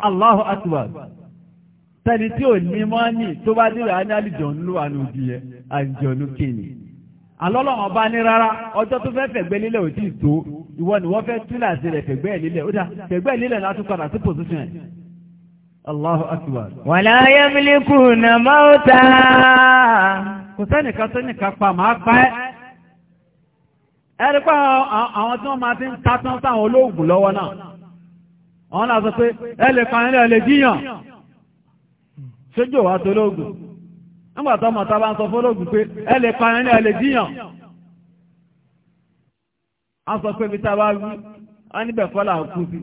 Allahu Akbar. Tẹ́ni tí ò ní mọ́ ní tó bá dìrò á ní àlìjọ̀nú ló wà nùbí ẹ, àlìjọ̀nú kìíní. Àlọ́lọ́wọ́n bá ní rárá, ọjọ́ tó fẹ́ fẹ̀gbẹ́ ò tó, ìwọ ni wọ́n fẹ́ túlẹ̀ àti rẹ̀ fẹ̀gbẹ́ ẹ̀ ó dà fẹ̀gbẹ́ padà sí pòsíṣàn ẹ̀. Allahu Akbar. pa màá pa ẹ́ àwọn tí wọ́n fi ń sáwọn olóògùn lọ́wọ́ náà àwọn náà sọ pé ẹlẹ̀ kan ilẹ̀ ẹlẹ̀ jíyàn ṣójú wà tó lóògùn nígbàtọ́ ọmọ ta bá ń sọ fọ́lóògùn pé ẹlẹ̀ kan ilẹ̀ ẹlẹ̀ jíyàn a sọ pé bí ta bá wí a níbẹ̀ kọ́ là ń kú sí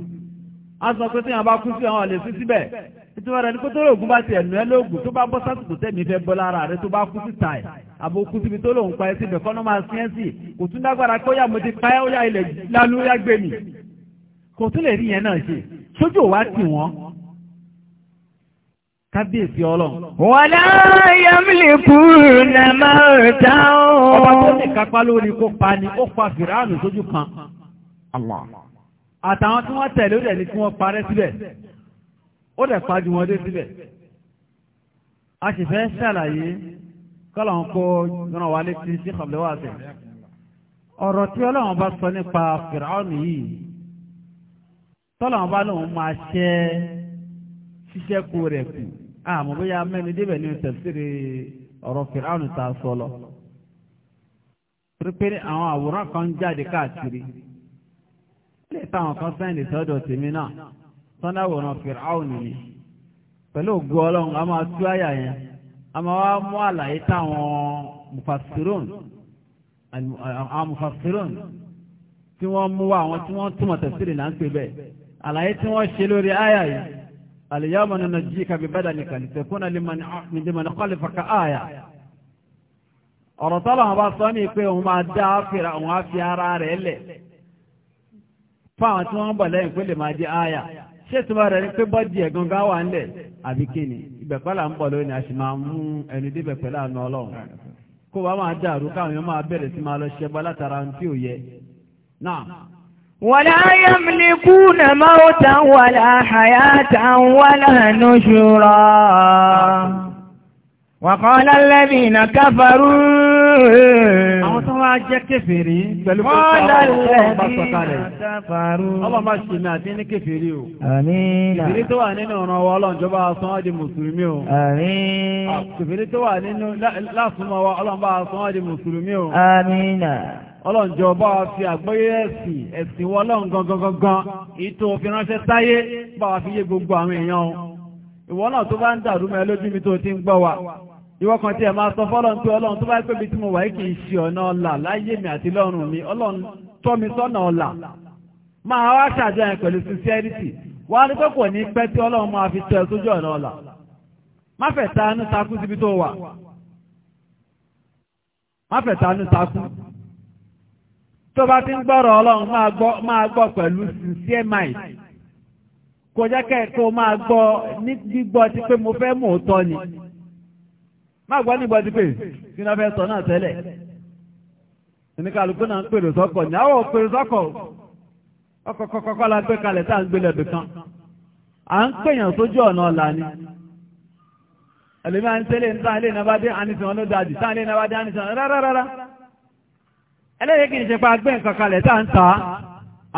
a sọ pé tí wọn bá kú sí àwọn àlè sí síbẹ̀ ìtura rẹ̀ ní kó tó lóògùn bá ti ẹ̀nu ẹ lóògùn tó bá bọ́ sásìkò tẹ̀mí fẹ́ bọ́ lára rẹ̀ tó bá kú síta ẹ̀ àbò kú síbi tó lòun pa síbẹ̀ kọ́ máa sí ẹ́ sí kò tún dágbára kó yà mo ti pa ó yà ilẹ̀ lánú yà gbé kò tún lè rí yẹn náà ṣe tójú wá tì wọ́n kábíyèsí ọlọ́run. wọ́n yamliku na máa dá ọ́. ọba tó ní kápá lórí kó pa ni ó pa fìràánù sójú kan. àtàwọn tí wọ́n tẹ̀lé ó dẹ̀ ní kí wọ́n parẹ́ síbẹ̀ ó dẹ̀ pa ju wọn dé síbẹ̀. a sì fẹ́ ṣàlàyé kọ́lọ̀ ń kó ràn wá létí sí ọ̀bẹ̀wá sẹ̀. ọ̀rọ̀ tí ọlọ́run bá sọ nípa fìràánù yìí tọ́lọ̀wọ́n bá lóun máa ṣẹ́ ṣíṣẹ́kù rẹ̀ kù àmọ́ bóyá mẹ́nu débẹ̀ ní tẹ̀síre ọ̀rọ̀ fìràwùn ta sọlọ. pípé àwọn àwòrán kan jáde káàkiri lè táwọn kan sẹ́yìn sọ́dọ̀ tèmi náà sọ́dáwòrán fìràwùn ni pẹ̀lú ògo ọlọ́run a máa tú àyà yẹn a máa wá mú àlàyé táwọn mufasirun àwọn mufasirun tí wọ́n mú wá àwọn tí wọ́n túmọ̀ tẹ̀síre là ń pè bẹ́ẹ̀. àlàyé tí wọ́n ṣe lórí àyà yìí àlèyàmọ̀ ji jí kàbí bẹ́dà nìkan nìtẹ̀kúnnà lèmọ̀nì kọlìfàkà àyà ọ̀rọ̀ tọ́lọ̀ wọn bá sọ ní pé òun máa dá fìrà òun á fi ara rẹ̀ lẹ̀ fáwọn tí wọ́n bọ̀ lẹ́yìn pé lè máa di àyà ṣé rẹ̀ pé gá wà àbí ń bọ̀ lónìí àti máa mú ولا يملكون موتا ولا حياة ولا نشورا وقال الذين كفروا àwọn tó wá jẹ́ kéfèrí pẹ̀lú ọlọ́run bá ṣe náà tí ní kéfèrí o kéfèrí tó wà nínú ọ̀ràn wa ọlọ́njọba sán di mùsùlùmí o kéfèrí tó wà nínú lásùnmọ́ ọlọ́njọba sán mùsùlùmí o ọlọ́njọ́ bá wa fi àgbọ́yé ẹ̀sìn ẹ̀sìn wọ ọlọ́run gangan gangan ìtò òfin ránṣẹ́ táyé bá wa fi yé gbogbo àwọn èèyàn ìwọ náà tó bá ń dàrú mẹ́ lójú mi tó ti ń gbọ́ wa ìwọ kan tí ẹ máa sọ fọ́lọ́n pé ọlọ́run tó bá pé bí tí mo wà kì ṣe ọ̀nà ọ̀la láyé mi àti lọ́rùn mi ọlọ́run tọ́ mi sọ́nà ọ̀la máa wá ṣàjọyàn pẹ̀lú sincerity wà á ní pé kò ní pẹ́ tí ọlọ́run máa fi tọ́ ẹ sójú ọ̀nà ọ̀la má fẹ̀ tanú takú síbi tó wà má fẹ̀ tanú takú tó bá ti ń gbọ́rọ̀ ọlọ́run máa gbọ́ pẹ̀lú sincere mind kò jẹ́ kẹ́ẹ̀kọ́ máa gbọ́ ní gbígbọ́ ti pé mo fẹ́ mò ń tọ́ ni máa ti pé kí ló fẹ́ sọ náà tẹ́lẹ̀ oníkàlùkù náà ń pèrò sọ́kọ̀ sọ́kọ̀ la gbé kalẹ̀ tá à ń gbé kan à ń sójú ọ̀nà ni ń tẹ́lẹ̀ ń tán ilé ìnáwó àníṣe wọn ló tán ẹlẹ́yẹ kìí ṣe pa gbé nǹkan kalẹ̀ a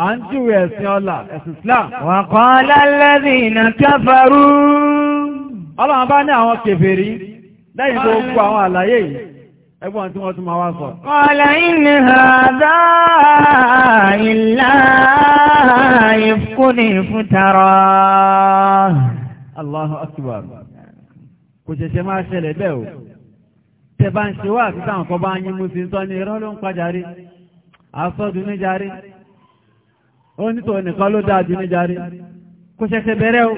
à ń jù ẹ̀sìn ọlà ẹ̀sìn Islam. wa qala alladhina kafaru. ọlọ́run bá ní àwọn kèfèrí lẹ́yìn tó àwọn àlàyé yìí ẹgbọ́n tí wọ́n tún máa wá sọ. qala in hadha illa ifkun o. tẹ bá ń ṣe wá àti táwọn kan bá ń yín mú sí tọ́ ní irọ́ ló ń pàjáre àsọdún níjàre ó nítò nìkan ló dáa jù níjàre kò ṣẹ̀ṣẹ̀ bẹ̀rẹ̀ o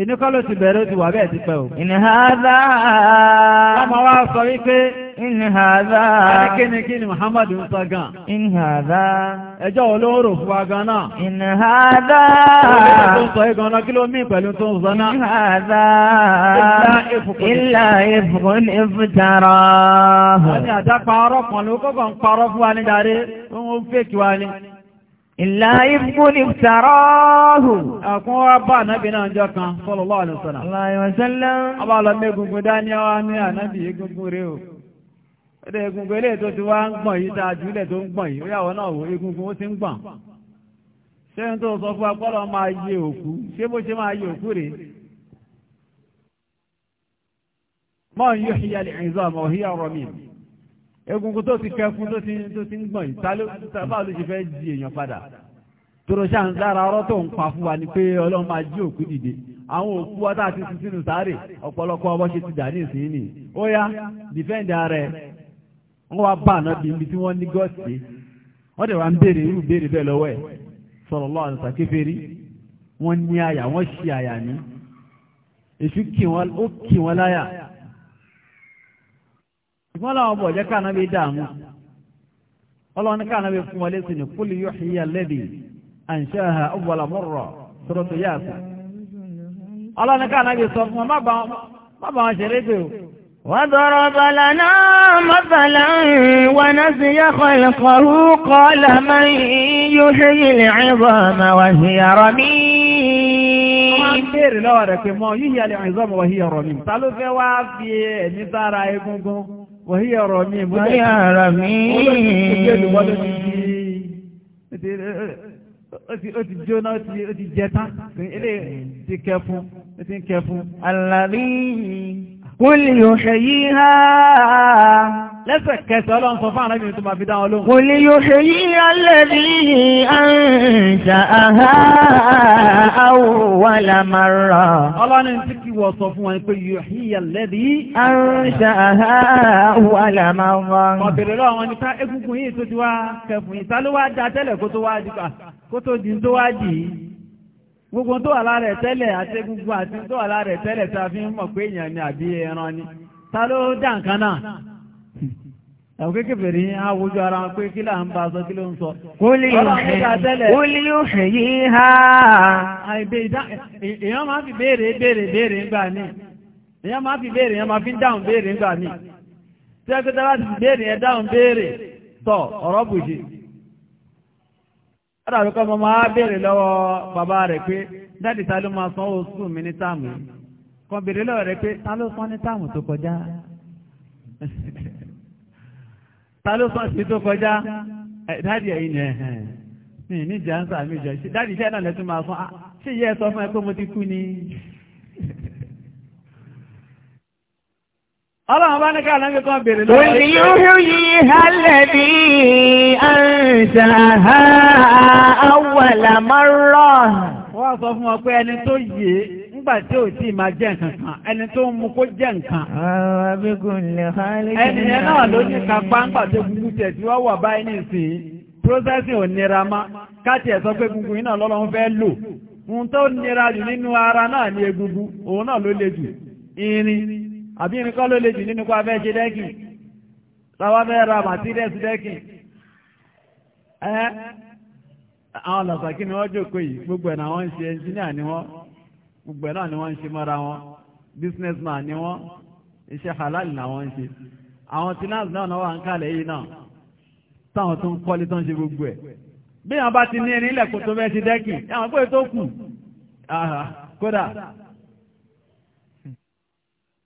ènìkan ló ti bẹ̀rẹ̀ ó ti wà bẹ́ẹ̀ ti pẹ́ o. ìnìhàdà. wọ́n máa wá sọ wípé. إن هذا أنا محمد مصقا إن هذا أجاو لوروف واغانا إن هذا أنا كنك إن هذا إلا إفق إلا هذا افترى أنا أدا فارف مالوكا كان فارف واني داري ومفك واني إلا يبقون افتراه أكون أبا نبي نانجاكا صلى الله عليه وسلم الله وسلم أبا لما يقول قداني وامي نبي يقول قريب ọdẹ egungun eléyìí tó ti wá ń gbọ̀n yìí tá a jù ilẹ̀ tó ń gbọ̀n yìí ó yàwó náà wò egungun ó ti ń gbọ̀n sẹ́yìn tó sọ fún apọ́lọ́ máa yẹ òkú ṣé bó ṣe máa yẹ òkú rèé mọ́ ń yọ ìyá ìrìnzọ́ àmọ́ òhìyà ọ̀rọ̀ mi egungun tó ti kẹfun tó ti ń gbọ̀n yìí tábà ló ṣe fẹ́ di èèyàn padà tòrò ṣáà ń lára ọ̀rọ̀ tó ń pa fún wa ni pé ọlọ́run máa jí òkú dìde àwọn òkú wa tá a ti sin sínú sáré ọ̀pọ̀lọpọ̀ ọbọ̀ ṣe ti dà ní ìsinyìí ó yá dìfẹ́ǹdì ara ẹ̀ wọ́n wá bá ànábì tí wọ́n ní gọ́ọ̀sì wọ́n dẹ̀ wá ń béèrè irú béèrè bẹ́ẹ̀ lọ́wọ́ ẹ̀ sallallahu alaihi kéferí wọ́n ní àyà wọ́n ṣe àyà ní èṣù ó kì wọ́n láyà bọ̀ jẹ́ dààmú ní fún وضرب لنا مثلا ونسي خلقه قال من يحيي العظام وهي رميم Béèrè lọ́wọ́ rẹ̀ pé mọ́ yíyí alẹ́ àìzọ́mọ̀ wọ̀hí ọ̀rọ̀ mi. Ta ló fẹ́ wá fi ẹ̀mí sára egungun? Wọ̀hí ọ̀rọ̀ mi. Wọ̀hí ọ̀rọ̀ mi. Ó ti jóná, ó ti jẹta. Ilé ti kẹfun, ó ti kẹfun. Àlàrí. قل يحييها lẹ́sẹ̀kẹsẹ̀ ọlọ́run sọ fáàrẹ́ mi tó máa fi dá wọn lóhùn. قل يحييها الذي أنشأها أول مرة. ọlọ́run tí kí wọ́n sọ fún wọn pé يحييها الذي أنشأها أول مرة. ọ̀bẹ̀rẹ̀ lọ́wọ́ wọn ni ká egungun yìí gbogbo tó wà lára ẹ̀ ati àti gbogbo àti tó wà lára ẹ̀ tẹ́lẹ̀ a fi ń mọ̀ pé èèyàn ni àbí ẹran ni ta ló dá nǹkan náà kékeré ara wọn pé kí là ń bá sọ kí ló ń sọ. yóò fẹ̀ ha. èèyàn máa fi béèrè béèrè béèrè ńgbà ni èèyàn máa fi béèrè èèyàn máa fi dáhùn béèrè ńgbà ni. tí wọ́n ọ̀rọ̀ àbíkọ́ mọ́ máa bèèrè lọ́wọ́ bàbá rẹ̀ pé dáàdì ta ló máa san owó sùn mi ní táàmù kan bèèrè lọ́wọ́ rẹ̀ pé ta ló san ní táàmù tó kọjá ta ló san sí tó kọjá eh, dáàdì ẹ̀yìn ni ẹ̀hẹ̀n mi ní jàǹsà mi jọ dáàdì iṣẹ́ náà lẹ́tún máa san ah, ṣé ìyá ẹ sọ fún ẹ pé mo ti kú ni. Wọ́n sọ fún ọ pé ẹni tó yé nígbà tí ò tí máa jẹ́ nǹkan ẹni tó ń mú kó jẹ́ nǹkan. Ẹni yẹn náà ló ní tó tẹ̀ tí wọ́n wà báyìí Processing ò nira má. Káàtì ẹ̀ sọ pé yìí náà lọ́lọ́run fẹ́ lò. Ohun tó nira jù nínú ara náà ni egungun, òun náà ló le jù. Irin àbí irin kọ́ ló lè jù nínú kó abẹ́ ṣe dẹ́kì láwá bẹ́ ra màtíríẹ̀sì dẹ́kì ẹ́ àwọn lọ́sàkí ni wọ́n jòkó yìí gbogbo ẹ̀ náà wọ́n ń ṣe ẹnjíníà ni wọ́n gbogbo ẹ̀ ni wọ́n ń ṣe mọ́ra wọn businessman ni wọ́n iṣẹ́ halal làwọn ń ṣe àwọn finance náà náà wà ń kálẹ̀ yìí náà táwọn tó ń kọ́lé tó ń ṣe gbogbo ẹ̀ bí àwọn bá ti ní ẹni ilẹ̀kùn tó fẹ́ ṣe dẹ́kì àwọn pé tó kù kódà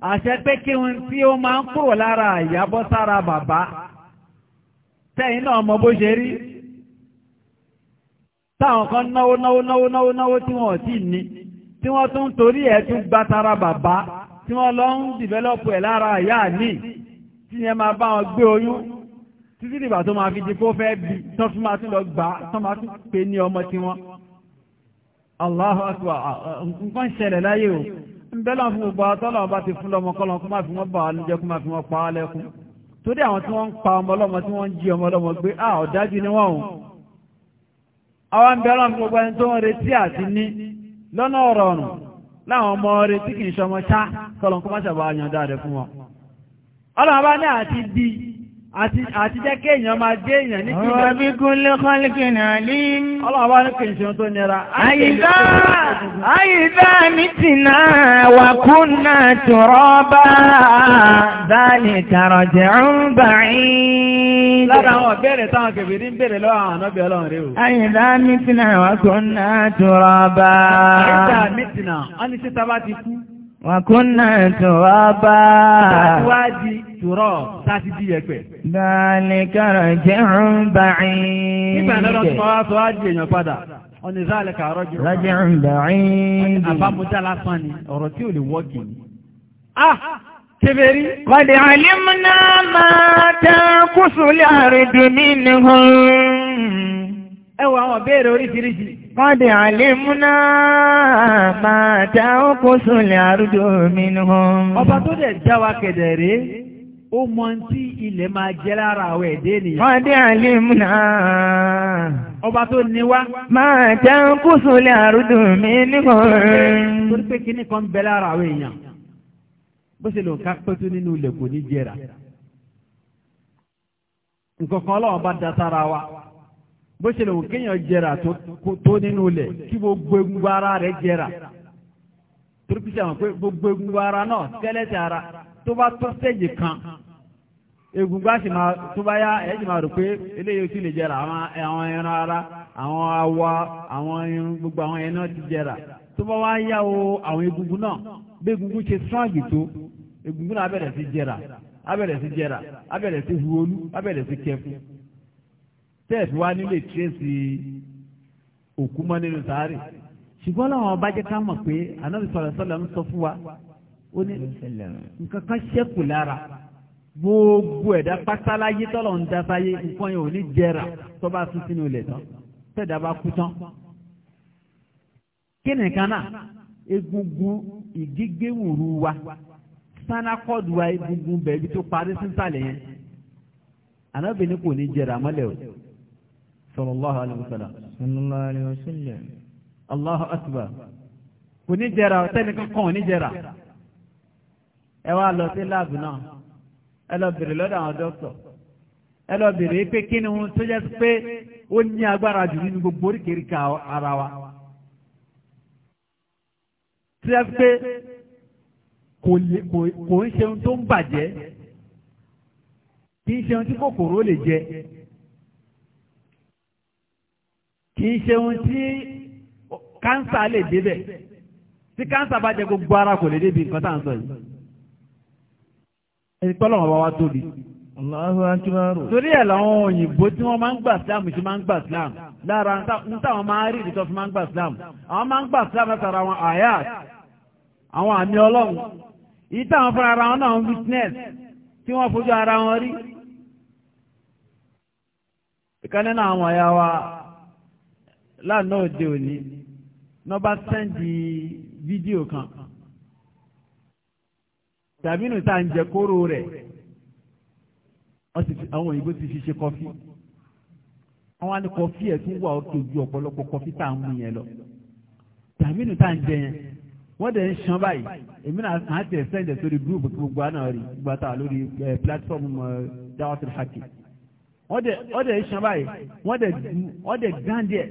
àṣẹ pé kí n tí ó máa ń kúrò lára ìyàbọ́ sára bàbá tẹ́yìn náà mọ bó ṣe rí táwọn kan náwó náwó náwó náwó náwó tí wọ́n ti ní tí wọ́n tún torí ẹ̀ tún gba sára bàbá tí wọ́n lọ ń dìvẹ́lọ́pù ẹ̀ lára ìyá ní tí yẹn máa bá wọn gbé oyún títí dìgbà tó máa fi di kó fẹ́ bí tán fún máa tún lọ gbà tán máa tún pè ní ọmọ tiwọn. Allahu akbar nǹkan ṣẹlẹ̀ láyé o bẹ́lá fún gbogbo àtọ́lọ̀ bá ti fún lọ́mọ kọ́lọ̀ kó má fi wọ́n bà á níjẹ́ kó má fi wọ́n pa á lẹ́kún torí àwọn tí wọ́n ń pa ọmọ tí wọ́n ń jí ọmọ gbé à ọ̀dájú ni wọ́n ò àwọn ń bẹ́lá fún gbogbo ẹni tó ń retí àti ní lọ́nà ọ̀rọ̀ ọ̀rùn láwọn ọmọ retí kì í ṣọmọ ṣá kọ́lọ̀ kó má ṣàbà yàn dáadẹ fún wọn ọlọ́mọ ní àti di àti jẹ́ kí èèyàn máa gé èèyàn ní kí wọ́n bí kún lé kọ́lùkìnà lè ní ọlọ́wọ́ ní kìí ṣe tó nira àyíká mítìnà wà kúnnà tùrọ́bà dáàlì kàrọ̀jẹ̀ ń bà ìdí lára àwọn ọ̀bẹ̀rẹ̀ ń bèèrè lọ́wọ́ àwọn ọ̀nàbẹ̀ ọlọ́run rẹ̀ Wọ́n kún náà tó wá bá. Tàtíwájì di ẹ̀pẹ̀. Báàlì kàrọ̀ jẹ́ ń bá ẹ̀. Nígbà náà lọ́tọ́ wá sọ wá di èèyàn padà. Ọ̀nà ìzáàlẹ̀ kàrọ̀ jù. ń bá ẹ̀. Àbámúdá lásán ni ọ̀rọ̀ tí ò lè wọ́ọ̀kì ni. Ah! Kébèrí. Kọ̀dì àlímúná máa tẹ́ kúsùlẹ̀ àrìdì nínú ẹwà àwọn béèrè oríṣiríṣi. Kọ́dì àlémúná máa dá ókó sólè àrùdó mìíràn. Ọba tó dẹ̀ já wa kẹ̀dẹ̀ rèé ó mọ tí ilẹ̀ máa jẹ́ lára ẹ̀dẹ́ nìyà. wọ́n dé ọba tó ní wá. máa sólẹ̀ mi torí pé kíní kan bẹ lára èèyàn bó ṣe lò wa. bó ṣe lè wò kéèyàn jẹrà tó nínú ilẹ̀ kí gbogbo egungun ara rẹ̀ jẹrà torípìsì àwọn pé gbogbo egungun ara náà tẹ́lẹ̀tẹ̀ ara tó bá tó sẹ́jì kan egungun àti máa tó bá yá ẹ̀jì máa rò pé eléyìí sì lè jẹrà àwọn ẹran ara àwọn awọ àwọn irun gbogbo àwọn ẹran náà ti jẹrà tó bá wá yá o àwọn egungun náà bí egungun ṣe sọ́ọ̀gì tó egungun náà abẹ̀rẹ̀ sí jẹrà abẹ̀rẹ̀ sí jẹrà abẹ̀rẹ̀ sí hu olú sí kẹfù tẹ́ẹ̀fì wá nílé tírẹ́sì òkú mọ́ nínú sáré ṣùgbọ́n láwọn ọba jẹ́ ká mọ̀ pé anábì sọ̀rọ̀ sọ̀rọ̀ ń sọ fún wa ó ní nǹkan kan ṣẹ́kù lára gbogbo ẹ̀dá pátáláyé tọ́lọ̀ ń da sáyé nǹkan yẹn ò ní jẹrà tó bá tún sínú ilẹ̀ tán tẹ̀dá bá kú tán. kí nìkan náà egungun ìgígé wùrú wa sanakọ́ọ̀dù wa egungun bẹ̀ẹ́bí tó parí sísàlẹ̀ yẹn anábì ní kò ní jẹrà mọ́lẹ̀ o sallallahu alaihi wasallam sallallahu alaihi wasallam Allahu akbar kò ní jẹra ọ̀tẹ́ni kankan ò ní jẹra ẹ wá lọ sí láàbù náà ẹ lọ bèrè lọ́dọ̀ àwọn dókítà ẹ lọ bèrè pé kí ni wọn tó jẹ́ pé ó ní agbára jù nínú gbogbo oríkèéríkà ara wa tí ẹ pé kò ń ṣe ohun tó ń bàjẹ́ kì í ṣe ohun tí kòkòrò lè jẹ kì í ṣe ohun tí kánsà lè débẹ̀ tí kánsà bá jẹ gbogbo ara kò lè débi nǹkan tá à ń sọ yìí ẹni pọ́lọ́ wọn bá wá tóbi. torí ẹ̀ làwọn òyìnbó tí wọ́n máa ń gbà Islam ṣe máa ń gbà Islam lára ń táwọn máa rí ìdítọ́ fi máa ń gbà Islam àwọn máa ń gbà Islam látara àwọn àyà àwọn àmì ọlọ́run èyí táwọn fúnra ara wọn náà ń witness tí wọ́n fojú ara wọn rí. ìkànnì náà àwọn àyà wa lánàá òde òní náà bá sẹ́ndì fídíò kan tàbínú tá à ń jẹ kóró rẹ̀ àwọn òyìnbó ti fi ṣe kọfí àwọn àni kọfí ẹ̀ tún wà òkè ju ọ̀pọ̀lọpọ̀ kọfí tá à ń mú yẹn lọ tàbínú tá à ń jẹ yẹn wọ́n dẹ̀ ń ṣan báyìí èmi náà à ń tẹ̀ sẹ́ndì sórí gúrúùpù gbogbo àná rí gbàtà lórí pílátífọ́ọ̀mù dáwọ́sì hàkì wọ́n dẹ̀ ṣan báyìí wọ́n dẹ̀ gáǹdì ẹ̀.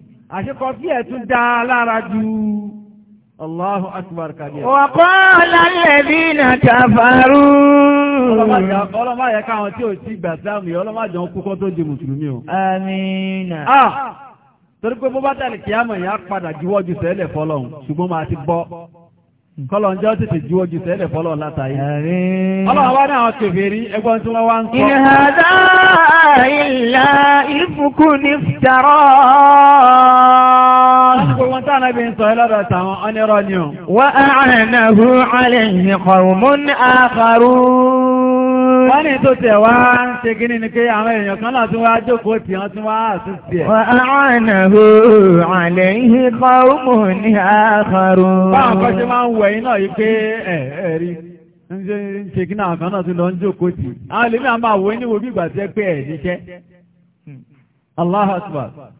àṣekọ̀fí ẹ̀ tún dá lára ju Allahu akbar kabir. Wa qala na kafaru. Ọlọ́mọ yẹ káwọn tí o ti ìgbà sáàmù yìí, ọlọ́mọ àjọ kúkọ́ tó di Mùsùlùmí o. Amina. Ah! Torí pé bó bá tẹ̀lé yẹn á padà ju sẹ́lẹ̀ fọlọ́hún, ti gbọ́. Mm. Kọ́lọ̀ ń jẹ́ tètè jíwọ́ jù tẹ́lẹ̀ fọ́lọ̀ látàrí. Ọlọ́run wá ní àwọn kèfèrí ẹgbọ́n tí wọ́n wá ń kọ́. In hadha illa ifkun iftara. Wọ́n tánà bí ń sọ ẹlọ́dọ̀ tàwọn ọ́nirọ́ ni ò. Wa a'anahu alayhi qawmun akharun. wá ní tó tẹ̀ wá nke ṣe gíní ni pé àwọn èèyàn kan náà tún wá jókòó tí wọ́n tún wá àtúntì ẹ̀. Àánàwó àlẹ́ ihe kọ́ọ̀mù ní àkàrò. Báwọn kan ṣe máa ń wẹ̀ iná yìí pé ẹ̀ ẹ̀ rí ń ṣe gíní àwọn kan náà tún lọ ń jókòó tì. Àwọn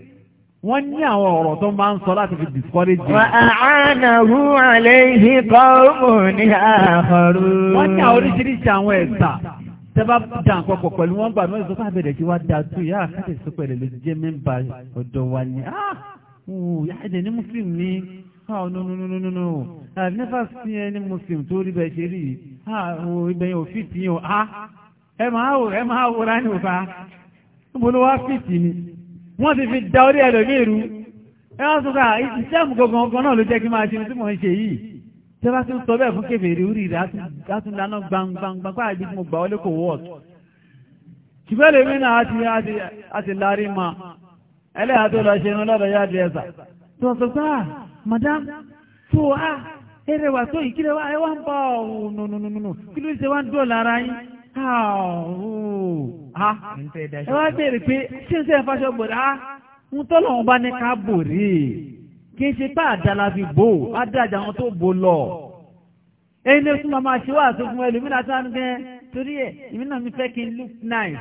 wọ́n ní àwọn ọ̀rọ̀ tó máa ń sọ láti fi discourage you. wàhánàwó àléhì kọ́ọ̀mù ní àhọ̀rù. wọ́n ní àwọn oríṣiríṣi àwọn ẹ̀sà tẹ́bá dànkọ́ pọ̀ pẹ̀lú wọn gbà lóyún sọ́kà ah, bẹ̀rẹ̀ kí wá da tú yá àkàtẹ̀ sọ́pẹ̀ rẹ̀ ló jẹ́ mẹ́mbà ọ̀dọ̀ wa ni. yàrá ìdè ní muslim ni oh no no no ah, muslim tó rí bẹ́ẹ̀ ṣe rí ibẹ̀yìn òfìtì yìí ẹ máa wòrán ní òfa níbo ló wá fìtì ni wọ́n ti fi da orí ẹlòmí ìrú ẹ wọ́n sọ́kà ìsẹ́mù gangan kan náà ló jẹ́ kí máa ṣe tí mò ń ṣe yìí tí wọ́n ti ń sọ bẹ́ẹ̀ fún kébèrè orí rẹ̀ á tún dáná gbangbangba kó àìdí ah, mo gbà wọlé kò wọ́ọ̀t ṣùgbọ́n lèmi náà a ti lárí ma ẹlẹ́yà tó lọ ṣe irun lọ́dọ̀ yá di ẹ̀sà tó sọ pé ah madam ah, tó ah ẹrẹwà tó ìkírẹwà ẹ wá ń bá ọ̀ nùnùnùnù kí ló ṣe wá ń dọ̀ lára yín Ah, oh. ah. ẹ wá bèèrè pé ṣé ń sẹ́ fáṣọ bòrè á ń ah, tọ́lọ̀ wọn bá ní ká bòrè kì í ṣe pé àdàlà fi bò á dájà wọn tó bò lọ ẹni lè fún màmá ṣe wá àtúntò ẹlòmínà tó ń gẹ torí ẹ ìmínà mi fẹ́ kí n look nice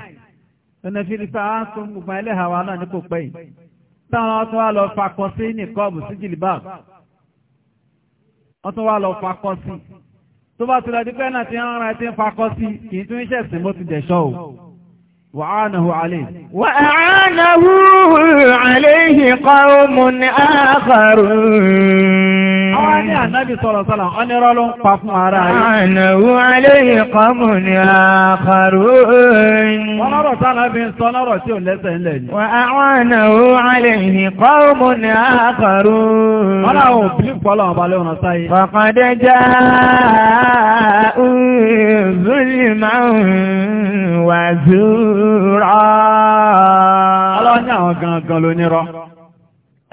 ẹnì fi nípa á sọ gbogbo ẹlẹ́hàá wa náà ní kò pẹ́ yìí táwọn ọtún wa lọ fakọ sí ní kọ́ọ̀bù sí jìlìbá ọtún wa lọ fakọ sí tó bá ti lọ́dí pẹ́nà tí ń rán ti ń fakọ́ sí kì í tún iṣẹ́ ìsìn mọ́ ti dẹ̀ṣọ́ o wà á nà hù alẹ́. wà á nà hù alẹ́ yìí kọ́ mú ní àkàrùn-ún. Àwọn ní ànábì sọ̀rọ̀ sọ̀rọ̀, ọ ní rọ́lọ́ ń pa fún ara rẹ̀. Ànàwó aléyìn kọmù ní àkàrò òyìn. Wọ́n lọ́rọ̀ sánà bí ń sọ lọ́rọ̀ tí ò lẹ́sẹ̀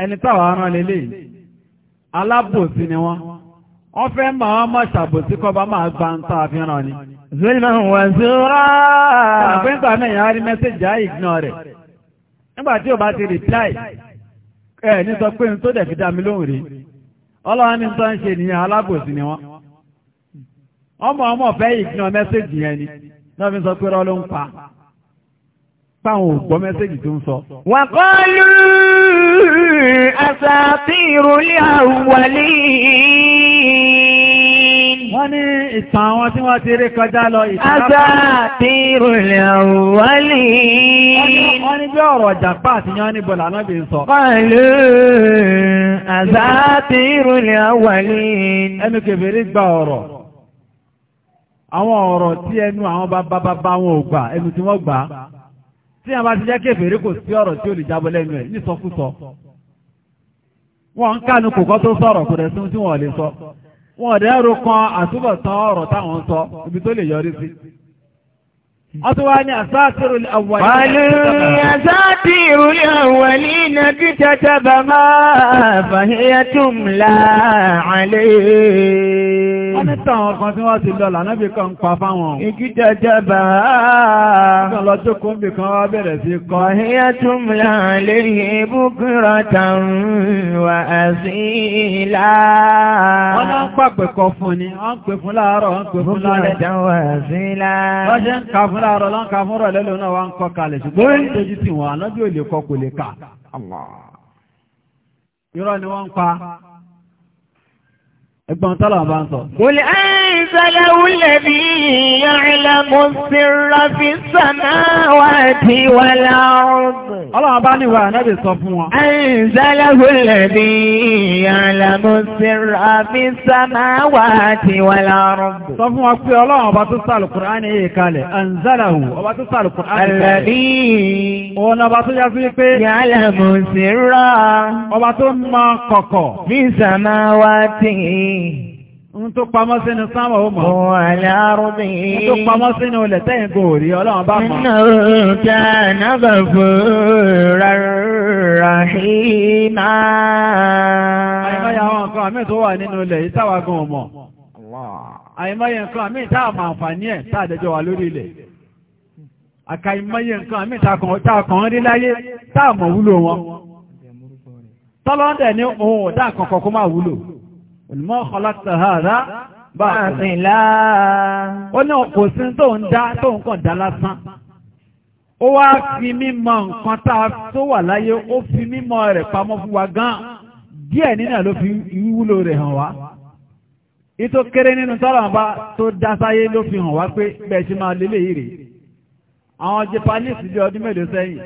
Ẹni táwọn arán lélẹ́yìn alábòsí ni wọ́n wọ́n fẹ́ ma wọ́n mọ́ ṣàbòsí kọba máa gba ń tàà fi ràn ní zina wà zúra àpínta náà yà rí mẹ́sẹ̀jì á ìgbìnà rẹ̀ nígbàtí ò bá ti rìpláì ẹ̀ ní sọ pé ní tó dẹ̀ fi dá mi lóhùn rí ọlọ́wọ́n ní tó ń ṣe nìyẹn alábòsí ni wọ́n ọmọ ọmọ fẹ́ ìgbìnà mẹ́sẹ̀jì yẹn ni náà fi sọ pé rọ́ ló ń pa táwọn ò gbọ́ mẹ́sẹ̀gì tó ń sọ. wà kọ́ lù àsàtìrù àwọ̀lì. wọ́n ní ìtàn àwọn tí wọ́n ti rí kọjá lọ ìtàn. àsàtìrù àwọ̀lì. wọ́n ní bí ọ̀rọ̀ jàpá àtìyàn níbo lànà bí sọ. kọ́lù àsàtìrù àwọ̀lì. ẹnu kẹfẹ́rí gba ọ̀rọ̀ àwọn ọ̀rọ̀ tí ẹnu àwọn bàbá bàbá wọn ò gbà ẹnu tí wọ́n gbà á. tí a bá ti jẹ́ kéfèrè kò sí ọ̀rọ̀ tí ó lè jábọ́ lẹ́nu ẹ̀ ní sọkúsọ wọn ń kánu kò kọ́ tó sọ̀rọ̀ kò rẹ̀ sún tí wọ́n lè sọ wọn rẹ̀ rò kan àtúbọ̀tán ọ̀rọ̀ táwọn sọ ibi tó lè yọrí sí Àtúwání àsátìrù àwàlì. Wàlú àsátìrù àwàlì na kí tẹ́tẹ́ bá máa fàhíyà tún láàálẹ́. Wọ́n ní tàwọn kan tí wọ́n ti lọ lànábì kan pa fáwọn. Ìkí tẹ́tẹ́ bá. Wọ́n lọ jókòó bì kan wá bẹ̀rẹ̀ sí kọ́. Fàhíyà tún láàálẹ́ yìí búkúrọ̀ tàn wà sí ilá. Wọ́n ń pàpẹ̀kọ fún ni, wọ́n ń pè fún láàárọ̀, wọ́n ń pè fún lálẹ́. Búkúrọ̀ tàn wà sí ilá. Wọ́n ṣe ń kà fún láàárọ̀ láǹkà fúnrọ̀ lẹ́lò náà wá ń kọ́ kalẹ̀ ṣùgbọ́n èyí ti wọn ò lè kọ́ kò lè kà. irọ́ ni wọ́n ń pa ẹgbọ́n tọ́lọ̀ bá فله الذي يعلم السر في السماوات والأرض الله أباني ونبي صفوة أنزله الذي يعلم السر في السماوات والأرض صفوة في الله أبتصى القرآن إيه كالي أنزله أبتصى القرآن الذي ونبتصى يسيك يعلم السر أبتصى ما قوقو في السماوات ń tó pamọ́ sínú sánmà ó mọ̀. Wọ̀lá rúbí. ń tó pamọ́ sínú ilẹ̀ tẹ́yìn kò rí ọlọ́run bá mọ̀. Iná òkè náà fò ràhìmá. Àìmọ́yà àwọn nǹkan àmì tó wà nínú ilẹ̀ yìí táwa gan mọ̀. Àìmọ́yà nǹkan àmì tá a mọ àǹfààní ẹ̀ olùmọ́ ọ̀kọ̀lọ́tọ̀ hàrá bá àtìlá ó ní ọkọ̀ sí tó ń dá tó ń kàn dá lásán ó wá fi mímọ̀ nǹkan tá a tó wà láyé ó fi mímọ̀ rẹ̀ pamọ́ fún wa gan díẹ̀ nínú ló fi ìwúlò rẹ̀ hàn wá ìtò kéré nínú tọ́lọ̀mbá tó dá sáyé ló fi hàn wá pé bẹ́ẹ̀ ṣe máa lélẹ̀ yìí rèé àwọn Japanese bí ọdún mélòó sẹ́yìn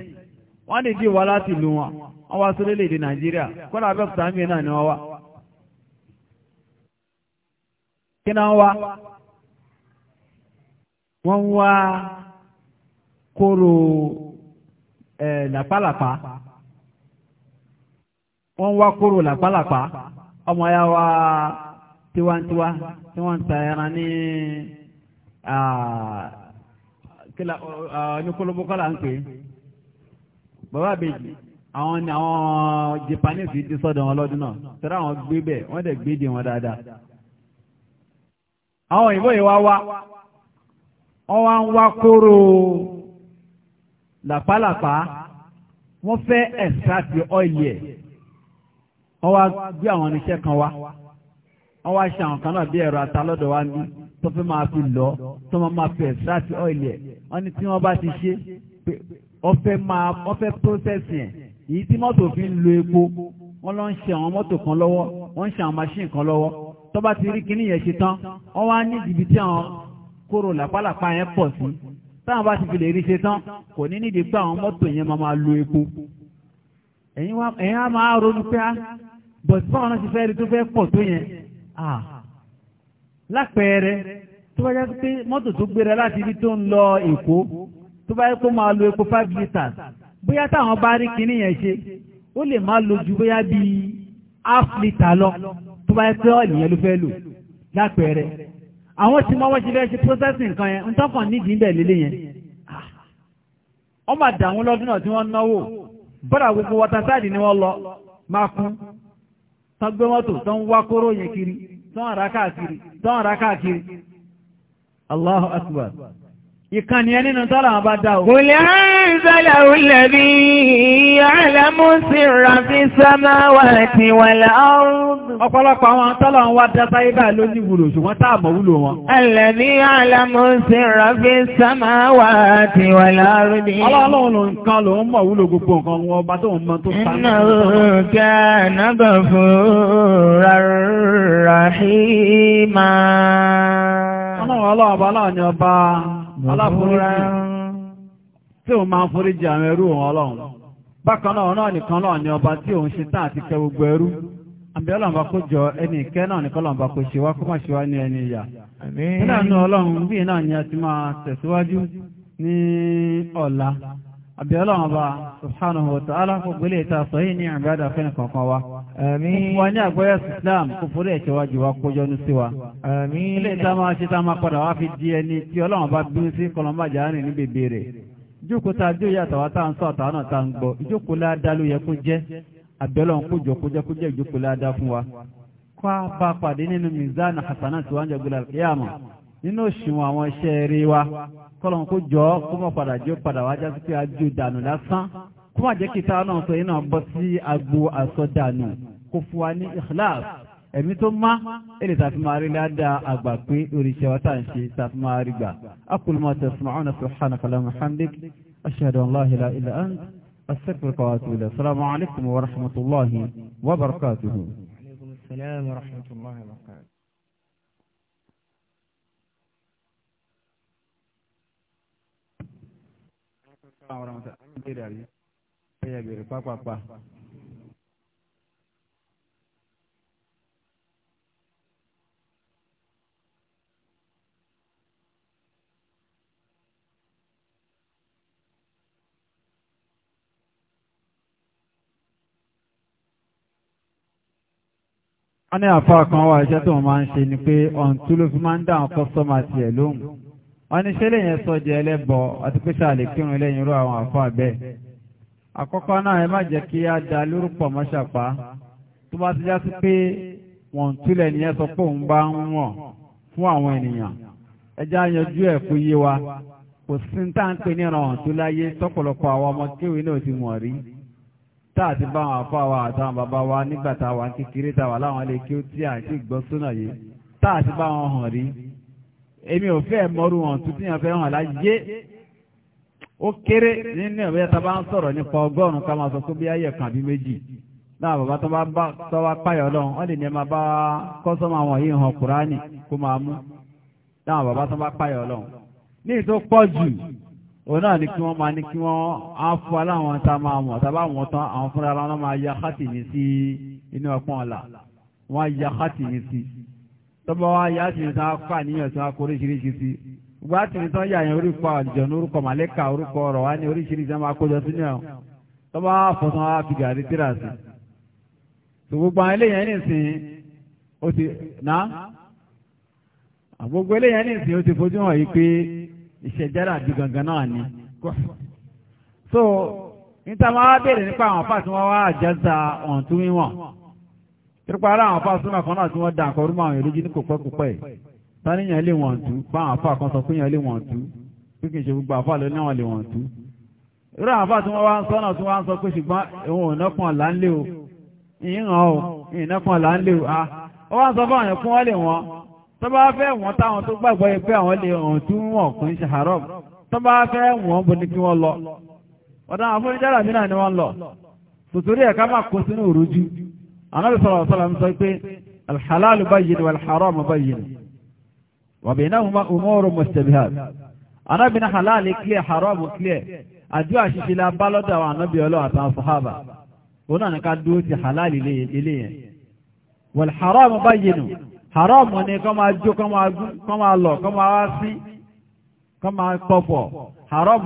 wọ́n lè dí wa láti ìlú wọn wọ́n wá sórílẹ̀-èdè Nàìjíríà kọ́lá abẹ́kùtà ń náà ni wọ́n wá kí náà wá wọ́n ń wá kóró ẹ̀ làpálàpá wọ́n ń wá kóró làpálàpá ọmọ ya wá tiwantiwa tí wọ́n ń ta ẹran ní kila ní kólóbókọ́lá ń pè bàbá àbèjì àwọn ni àwọn japanese ti sọ́dọ̀ wọn lọ́dún náà tẹ́lẹ̀ àwọn gbé bẹ́ẹ̀ wọ́n dẹ̀ gbé dè wọn dáadáa àwọn òyìnbó yìí wá wá wọ́n wá ń wá kóró làpálàpá wọ́n fẹ́ ẹ̀sáàtì ọ́ìlì ẹ̀ wọ́n wá gbé àwọn oníṣẹ́ kan wá wọ́n wá ṣe àwọn kan náà bí ẹ̀rọ atalọ́dọ̀ wá ní tó fẹ́ máa fi lọ tó máa máa fẹ́ ẹ̀sáàtì ọ́ìlì ẹ̀ wọ́n ní tí wọ́n bá ti ṣe wọ́n máa wọ́n fẹ́ ẹ̀ èyí tí mọ́tò fi ń lo epo wọ́n lọ ń ṣe àwọn mọ́tò kan lọ́wọ́ wọ́n ń ṣe àwọn maṣíìn kan lọ́wọ́ tó bá ti rí kíní yẹn ṣe tán wọ́n wá ní jìbìtì àwọn kóró làpálàpá yẹn pọ̀ sí táwọn bá ti fi lè rí ṣe tán kò ní nídìí pé àwọn mọ́tò yẹn máa máa lo epo ẹ̀yin á máa ronú pé á ah, bọ̀tí báwọn náà ti fẹ́ rí tó fẹ́ pọ̀ tó yẹn ah, lápẹẹrẹ tó bá jẹ́ pé mọ́tò tó gbéra láti ibi tó ń lọ Èkó tó bá yẹ kó máa lo epo five litres bóyá táwọn bá rí kíní yẹn ṣe ó lè máa lo ju bóyá bíi half litre lọ. tó bá yẹ pé ọ̀lì yẹn ló fẹ́ lò lápẹẹrẹ àwọn tí wọ́n ṣe fẹ́ ṣe processing nǹkan yẹn ń tọ́kàn nídìí lélẹ̀ yẹn ah, wọ́n máa dà wọ́n lọ́dún náà tí wọ́n náwó ni wọ́n lọ máa kún tán gbé mọ́tò tán wá kóró yẹn kiri káàkiri ìkànnì ẹni nù tọ́lá wọn bá dá o. Kùlẹ̀ àìsàlẹ̀ olẹ́bí àlẹ́mú sí ràfi sámá wà ti wà láàrùn. Ọ̀pọ̀lọpọ̀ àwọn tọ́lá wọn wá dá sáyé báyìí ló ní wúlò ṣùgbọ́n tá àmọ́ wúlò wọn. Àlẹ́bí àlẹ́mú sí ràfi sámá wà ti wà láàrùn. Ọlọ́run ló nǹkan ló ń mọ̀ wúlò gbogbo nǹkan wọn ọba tó ń mọ tó sá. Iná òkè ànágbà fún ràhìmá. Ọlọ́run ọlọ́ọ̀bá náà ni ọba. aláforíjì tí òun máa foríjì àwọn ẹrú òun ọlọ́run bákan náà náà nìkan náà ni ọba tí òun ṣe tán àti gbogbo ẹrú àbí kó jọ ẹni ìkẹ́ náà nìkan ọlọ́mọba kò ṣe wá kó ṣe wá ní ẹni ni a ti máa tẹ̀síwájú ní ọ̀la àbí subhanahu wa ta'ala gbélé ìta sọ yìí ní Àmín. Wọ́n ní àgbọ́yẹ̀ Islam kò fúrí ẹ̀ṣẹ̀ wájú wa kójọ ní sí wa. Àmín. Ilé ìta máa ṣe ta máa padà wá fi di ẹni tí Ọlọ́run bá bínú sí kọlọmbàjà rìn ní bèbè rẹ̀. Ìjókòó ta jó yàtọ̀ wá tá ń sọ àtàwọn náà tá ń gbọ́. Ìjókòó ládá ló yẹ kó jẹ́. Àbẹ̀lọ́run kójọ kó jẹ́ kó jẹ́ ìjókòó ládá fún wa. Kwá bá pàdé nínú Mizan Hassanat wa ń jẹ gbọ́dọ̀ kíyàmọ̀. Nínú òṣùwọ̀n àwọn iṣẹ́ rí wa, kọ́lọ̀n kó jọ kó mọ̀ padà jó padà wájá kó ní ikhlas ẹ̀mí tó má èdè tàfi máa rí ládà àgbà pé oríṣẹ́ wa tá à ń ṣe tàfi rí gbà aqulu ma tasma'una subhanaka allahumma hamdik ashhadu an la ilaha illa anta astaghfiruka wa atubu ilayk assalamu alaykum wa rahmatullahi wa barakatuh alaykum assalam wa rahmatullahi wa barakatuh Àwọn ọ̀rọ̀ àwọn a ní àfá kan wà iṣẹ́ tó máa ń ṣe ni pé ọ̀ǹtú ló fi máa ń dá àwọn kọ́sọ́mà ti ẹ̀ lóhùn wọ́n ní ṣé lèyẹn sọ jẹ́ ẹlẹ́bọ àti pé ṣàlè kírun lẹ́yìn irú àwọn àfá bẹ́ẹ̀ àkọ́kọ́ náà ẹ má jẹ́ kí á da lórúkọ mọ́ṣàpá tó bá ti já sí pé wọ́n ń túlẹ̀ nìyẹn sọ pé òun bá ń wọ̀n fún àwọn ènìyàn ẹjẹ́ àyanjú ẹ̀ kó yé wa kò sí ní táǹpẹ̀ ní ìran ọ̀ǹtú táà ti bá wọn àfá wa àtàwọn bàbá wa nígbà tá a wà kékeré tá a wà láwọn ilé kí ó tí à ń tí gbọ́ súnà yìí táà ti bá wọn hàn rí èmi ò fẹ́ mọ́rú wọn tún tí yàn fẹ́ hàn láyé ó kéré nínú ìwé tá a bá ń sọ̀rọ̀ nípa ọgọ́rùn-ún ká máa sọ pé bí ayé kan àbí méjì náà bàbá tó bá bá tó bá páyọ̀ lọ́hùn wọ́n lè ní ẹ máa bá kọ́sọ́mù àwọn yìí hàn kúránì kó máa mú náà bàbá tó bá páyọ̀ lọ́hùn ní ìtó pọ̀ òun náà ni kí wọ́n máa ní kí wọ́n á fún aláwọn tá a máa mọ̀ tábà wọ́n tán àwọn fúnra ara wọn máa ya hátì ní sí inú ọpọ́n ọ̀la wọ́n á ya hátì ní sí tọ́bọ̀ wá ya hátì ní tán á fà níyàn tí wọ́n á kó oríṣiríṣi sí gbogbo hátì ní tán yà yẹn orúkọ àjọ ní orúkọ màlẹ́kà orúkọ ọ̀rọ̀ wá ní oríṣiríṣi máa kó jọ sínú ẹ̀ tọ́bọ̀ wá fọ̀tán á fi gàrí tíra sí i gbogbo àwọn eléyẹn ìṣẹ̀jára àbí gangan náà ni. so níta máa wá bèèrè nípa àwọn afá tí wọ́n wá àjẹ́sà ọ̀hún tún wíwọ̀n tírúpa ara àwọn afá súnmọ̀ kan náà tí wọ́n dà nǹkan orúmọ àwọn èròjú ní kò pẹ́kùpẹ́ ẹ̀ sáníyàn lè wọ̀n tú báwọn afá kan sọ pé yàn lè wọ̀n tú bí kì í ṣe gbogbo afá lóní àwọn lè wọ̀n tú. irú àwọn afá tí wá ń sọ náà tí wọ́n á ń sọ pé ṣùgbọ́n òun ò nọ́kàn là tó bá fẹ́ wọ́n táwọn tó gbàgbọ́ yẹ pé àwọn lè hàn tí wọ́n kò ń ṣe haram tó bá fẹ́ wọ́n bó ni kí wọ́n lọ ọ̀dọ̀ àwọn afọ́nijára mìíràn ni wọ́n lọ tòtòrí ẹ̀ ká má kó sínú òrújú Ànábì sallallahu alaihi wasallam sọ pé alhalalu bayyin walharam bayyin wa baynahuma umurun mustabihat Ànábì ní halal clear haram ní ká dúró ti halal ilé yẹn haram ni kọ máa jó kọ máa lọ kọ máa wá sí máa pọ̀pọ̀ haram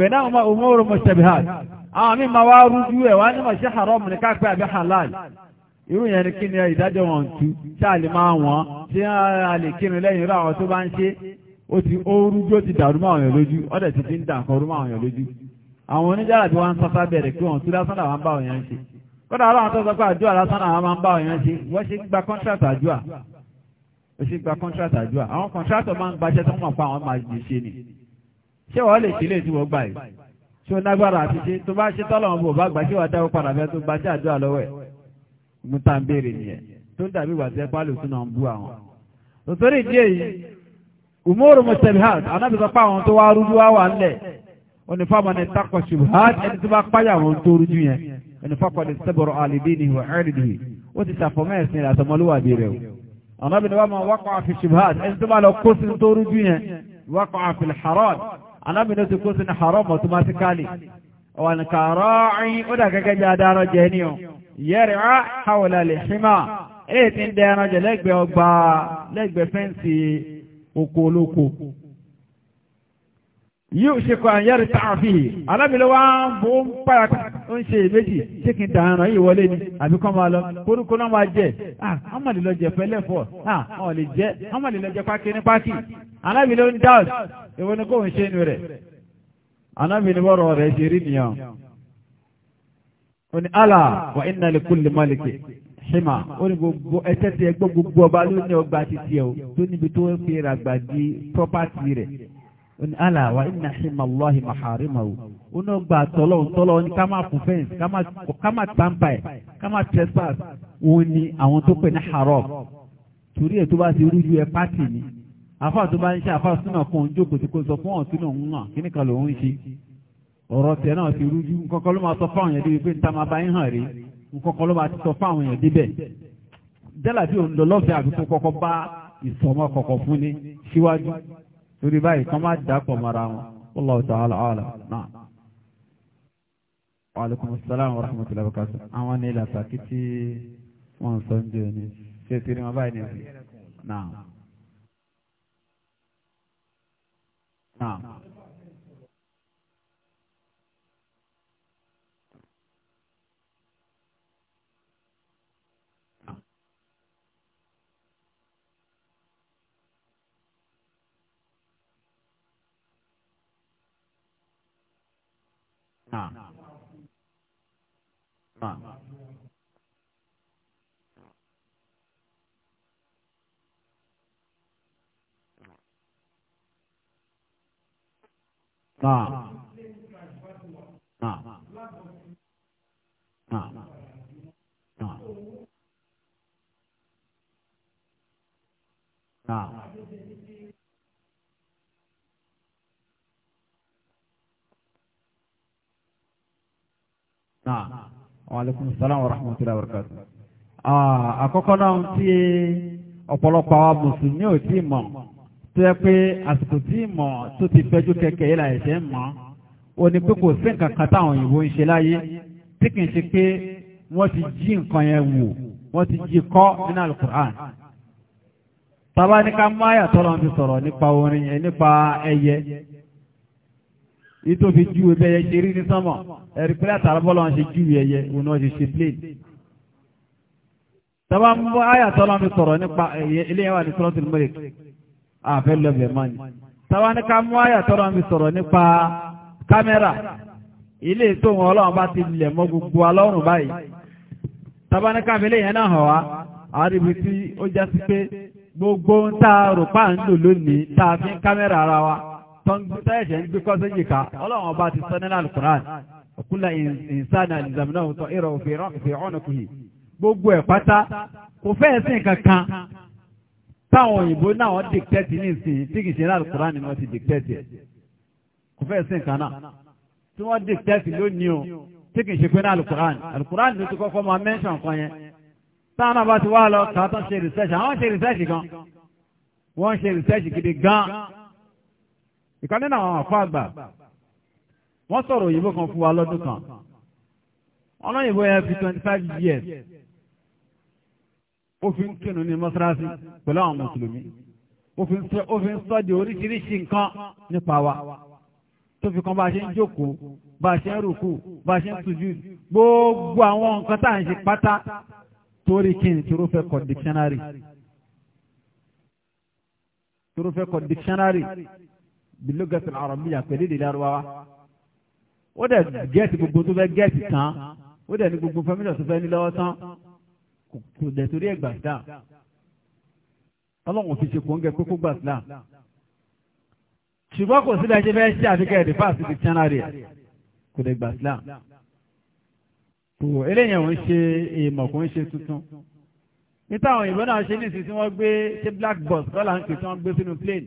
náà ma umuru mushtabihat àwọn mi ma wá rújú ẹ̀ wá nímọ̀ sí haram ni àbí halal irú yẹn ni kí ni ìdájọ́ wọn tú sáàlì máa wọ́n tí a lè kírun lẹ́yìn irú àwọn tó bá ń ṣe ó ti ó rújú ó ti dàrú máa wọ̀nyàn lójú ti fi ń rú máa wọ̀nyàn lójú àwọn ń sọ́sá bẹ̀rẹ̀ kí wọ́n lásán làwọn bá kọ́dà aláwọn tó sọ pé àdúrà lásán àwọn máa ń bá ọ̀yàn ṣe wọ́n ṣe gba contract àdúrà ó ṣe gba contract àdúrà àwọn contract máa ń gbaṣẹ́ tó mọ̀ pa àwọn máa lè ṣe ni ṣé wọ́n lè ṣílẹ̀ tí wọ́n gbà yìí ṣé o nágbára àti ṣe tó bá ṣe tọ́lọ́wọ́n bò bá gbà ṣé wàá dáwọ́ padà fẹ́ tó gbaṣẹ́ àdúrà lọ́wọ́ ẹ̀ mú tá ń béèrè nìyẹn tó ń dàbí ìwà tẹ́ pálí òtún náà ń bú àwọn. òtórí ìdí èyí umoru mustabihat anábìsọ pa àwọn tó wá rújú wá wà ńlẹ̀ ó ní fáwọn ẹni takọ̀ ṣùgbọ́n ẹni tó bá páyà àwọn tó ẹni fọ́kọ̀dé sẹ́bọ̀rọ̀ àlìdí ni ìwà ẹ̀rìdì ó ti ṣàfọ̀mọ́ ẹ̀sìn rẹ̀ àtọmọlúwàbí rẹ̀ o àwọn obìnrin wa máa wákọ̀ àfi ṣubhat ẹni tó bá lọ kó sí tó rújú yẹn wákọ̀ àfi haram alábìnrin ti kó sí ní haram automatically wọn kàrọ̀ ẹ̀yìn ó dà gẹ́gẹ́ bí adarọ̀ jẹ́ o yẹ́rì á hàwọ̀lá lè ṣímà èyí ti ń dẹ́ran jẹ lẹ́gbẹ̀ẹ́ ọgbà lẹ́gbẹ̀ẹ́ fẹ́ǹsì oko yóò ṣe kọ àyẹ́rì tààfí alábìlẹ̀ wá ń bó ń pàyà ń ṣe ìbejì tí kí n dàrán yìí wọlé ni àbíkọ́ máa lọ kórúkọ náà máa jẹ àmàlélọ́jẹ pẹ́lẹ́fọ́ àmàlélọ́jẹ pákí ní pákí alábìlẹ̀ ń dáàt ìwọ ni kò ń ṣe inú rẹ̀ alábìlẹ̀ wọ́rọ̀ rẹ̀ ṣe rí nìyàn ó ní àlà wà inna li kulli maliki ṣíma ó ní gbogbo ẹ̀tẹ́ ti ẹgbọ́ gbogbo ọba ló ní ọgbà títí ẹ̀ tó níbi tó fi ràgbà di property rẹ̀ ní àlà wa inna himma Allahi maharimahu ó náà gba tọ́lọ́ tọ́lọ́ ní ká máa fún fẹ́ǹsì ká máa tàǹpà ẹ̀ ká máa trespass òun ni àwọn tó pè ní haram torí ẹ̀ tó bá ti rújú ẹ pátì ni àfa tó bá ń ṣe àfa súnà kan ń jókòó tí kò sọ fún ọ̀tún náà ń hàn kí nìkan lòún ṣe ọ̀rọ̀ tẹ̀ náà ti rújú nǹkankan ló máa sọ fáwọn èèyàn débi pé níta máa bá ń hàn rí nǹkankan ló máa ti sọ fáwọn èèyàn torí báyìí kan máa dàpọ̀ mara wọn wallahu ta'ala a'lam náà. wa alaykum salaam wa rahmatullahi wa barakatuh àwọn ní ilẹ̀ àtàkì tí wọ́n sọ ń jẹ́ ní ṣe tí wọ́n báyìí nìyí náà. Naam. Naam. Naam. Naam. Naam. Naam. Naam. Wa alaikum salaam wa rahmatullahi wa barakatuh. Àkọ́kọ́ náà tí ọ̀pọ̀lọpọ̀ àwọn Mùsùlùmí ò tí mọ̀ tó yẹ pé àsìkò tí mọ̀ tó ti fẹ́jú kẹ̀kẹ́ yìí láìṣẹ́ mọ̀ ó ní pé kò sí nǹkan kan táwọn òyìnbó ń ṣe láyé tí kì í ṣe pé wọ́n ti jí nǹkan yẹn wò wọ́n ti jí kọ́ nínú alukur'an ìtò fi júwe bẹ́yẹ ṣe rí ní sánmọ̀ ẹ̀rí pé àtàràbọ́lọ́ wọn ṣe júwe ẹyẹ òun ọ̀ṣẹ̀ ṣe plane. tọ́ba ń bọ́ àyà mi sọ̀rọ̀ nípa ilé ẹ̀wà ní sọ́ọ̀tún mẹ́rẹ̀ àfẹ́ lọ́bẹ̀ mọ́ ni. tọ́ba ní ká mú àyà tọ́lọ́ mi sọ̀rọ̀ nípa kámẹ́rà ilé ètò wọn ọlọ́run bá ti lẹ̀ mọ́ gbogbo alọ́run báyìí. tọ́ba ní káfílẹ̀ yẹn náà hàn wá àríbi tí ó já sí tọ́ǹgbẹ́sẹ̀ ń gbé kọ́sẹ́ yìí ká ọlọ́run ọba ti sọ nínú alukuran ọ̀kúnlẹ̀ ìsánà ìzàmìnà òtọ́ ìrọ̀ òfin ọ̀nàkùn yìí gbogbo ẹ̀ pátá kò fẹ́ẹ̀ sí nǹkan kan táwọn òyìnbó náà wọ́n dìkítẹ́tì ní ìsìn tí kìí ṣe ní alukuran ni wọ́n ti dìkítẹ́tì ẹ̀ kò fẹ́ẹ̀ sí nǹkan náà tí wọ́n dìkítẹ́tì lónìí o tí kìí ṣe pé ní alukuran alukuran ló ti kọ́kọ́ máa mẹ́ńṣọ̀n kan yẹn táwọn náà bá ti wá lọ kàtọ́ ṣe rìsẹ́ṣì àwọn ṣe rìsẹ́ṣì ìkan nínú àwọn àfa àgbà wọ́n sọ̀rọ̀ òyìnbó kan fún wa lọ́dún kan ọlọ́yìnbó yẹn fi twenty five years ó fi ń kírun ní mọ́sálásí pẹ̀lú àwọn mùsùlùmí ó fi ń sọ́dí oríṣiríṣi nǹkan nípa wa tó fi kan bá a ṣe ń jókòó bá a ṣe ń rùkú bá a ṣe ń tujú gbogbo àwọn nǹkan tá à ń ṣe pátá torí kí n tóró fẹ́ kọ dictionary tóró fẹ́ kọ dictionary bilogasi arabiya pẹ̀lú èdè Lárúbáwá ó dẹ̀ gẹ́ẹ̀tì gbogbo tó fẹ́ gẹ́ẹ̀tì tán ó dẹ̀ ní gbogbo fẹ́mílà tó fẹ́ ní lọ́wọ́ tán kò dẹ̀ torí ẹ̀gbà islam ọlọ́run fi ṣe kò ń gẹ kókó gbà islam ṣùgbọ́n kò sílẹ̀ ṣe fẹ́ ṣe àfikẹ́ ẹ̀dẹ̀ fáàsì ti tẹ́ná rẹ̀ kò dẹ̀ gbà islam tó eléyàn ń ṣe èèmọ̀ kò ń ṣe tuntun níta àwọn òyìnbó náà ṣe ní ìsìn tí gbé ṣe black box kọ́là ń pè tí wọ́n gbé sínú plane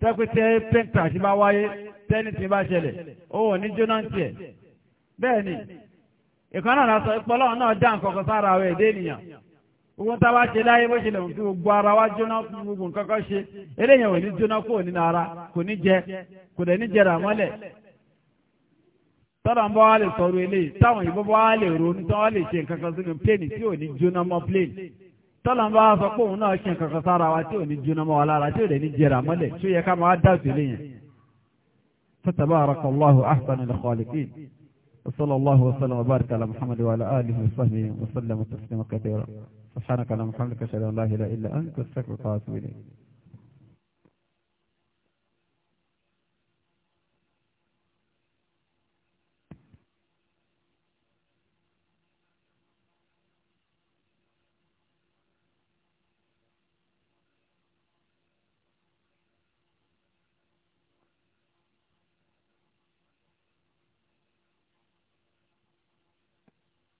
tẹ́pẹ́tẹ́ pẹ́ntà tí bá wáyé tẹ́ni tí bá ṣẹlẹ̀ ó wò ní jóná ń tiẹ̀ bẹ́ẹ̀ ni ìkan náà sọ ìpọ́lọ́ náà dá nǹkan kan sára àwọn èdè ènìyàn gbogbo tá a bá ṣe láyé bó ṣe lè fi gbogbo ara wa jóná gbogbo nǹkan kan ṣe eléyàn ò ní jóná kó nínú ara kò ní jẹ kò dẹ̀ ní jẹrà mọ́lẹ̀ tọ́lọ̀ ń bọ́ wá lè sọ̀rọ̀ eléyìí táwọn ìbọ́bọ́ wá lè ronú tán wá lè ṣe nǹkan kan sínú pléènì tọ́lá ń bá sọ pé òun náà ṣe nǹkan kan sára wa tí ò ní jóná mọ́ wa lára tí ò lè ní jẹrà mọ́lẹ̀ tí ó yẹ ká máa dá òsèlè yẹn. fatabarakallahu ahsanul khaliqin وصلى الله وسلم وبارك على محمد وعلى آله وصحبه وسلم تسليما كثيرا سبحانك اللهم وبحمدك اشهد ان لا اله الا انت استغفرك واتوب اليك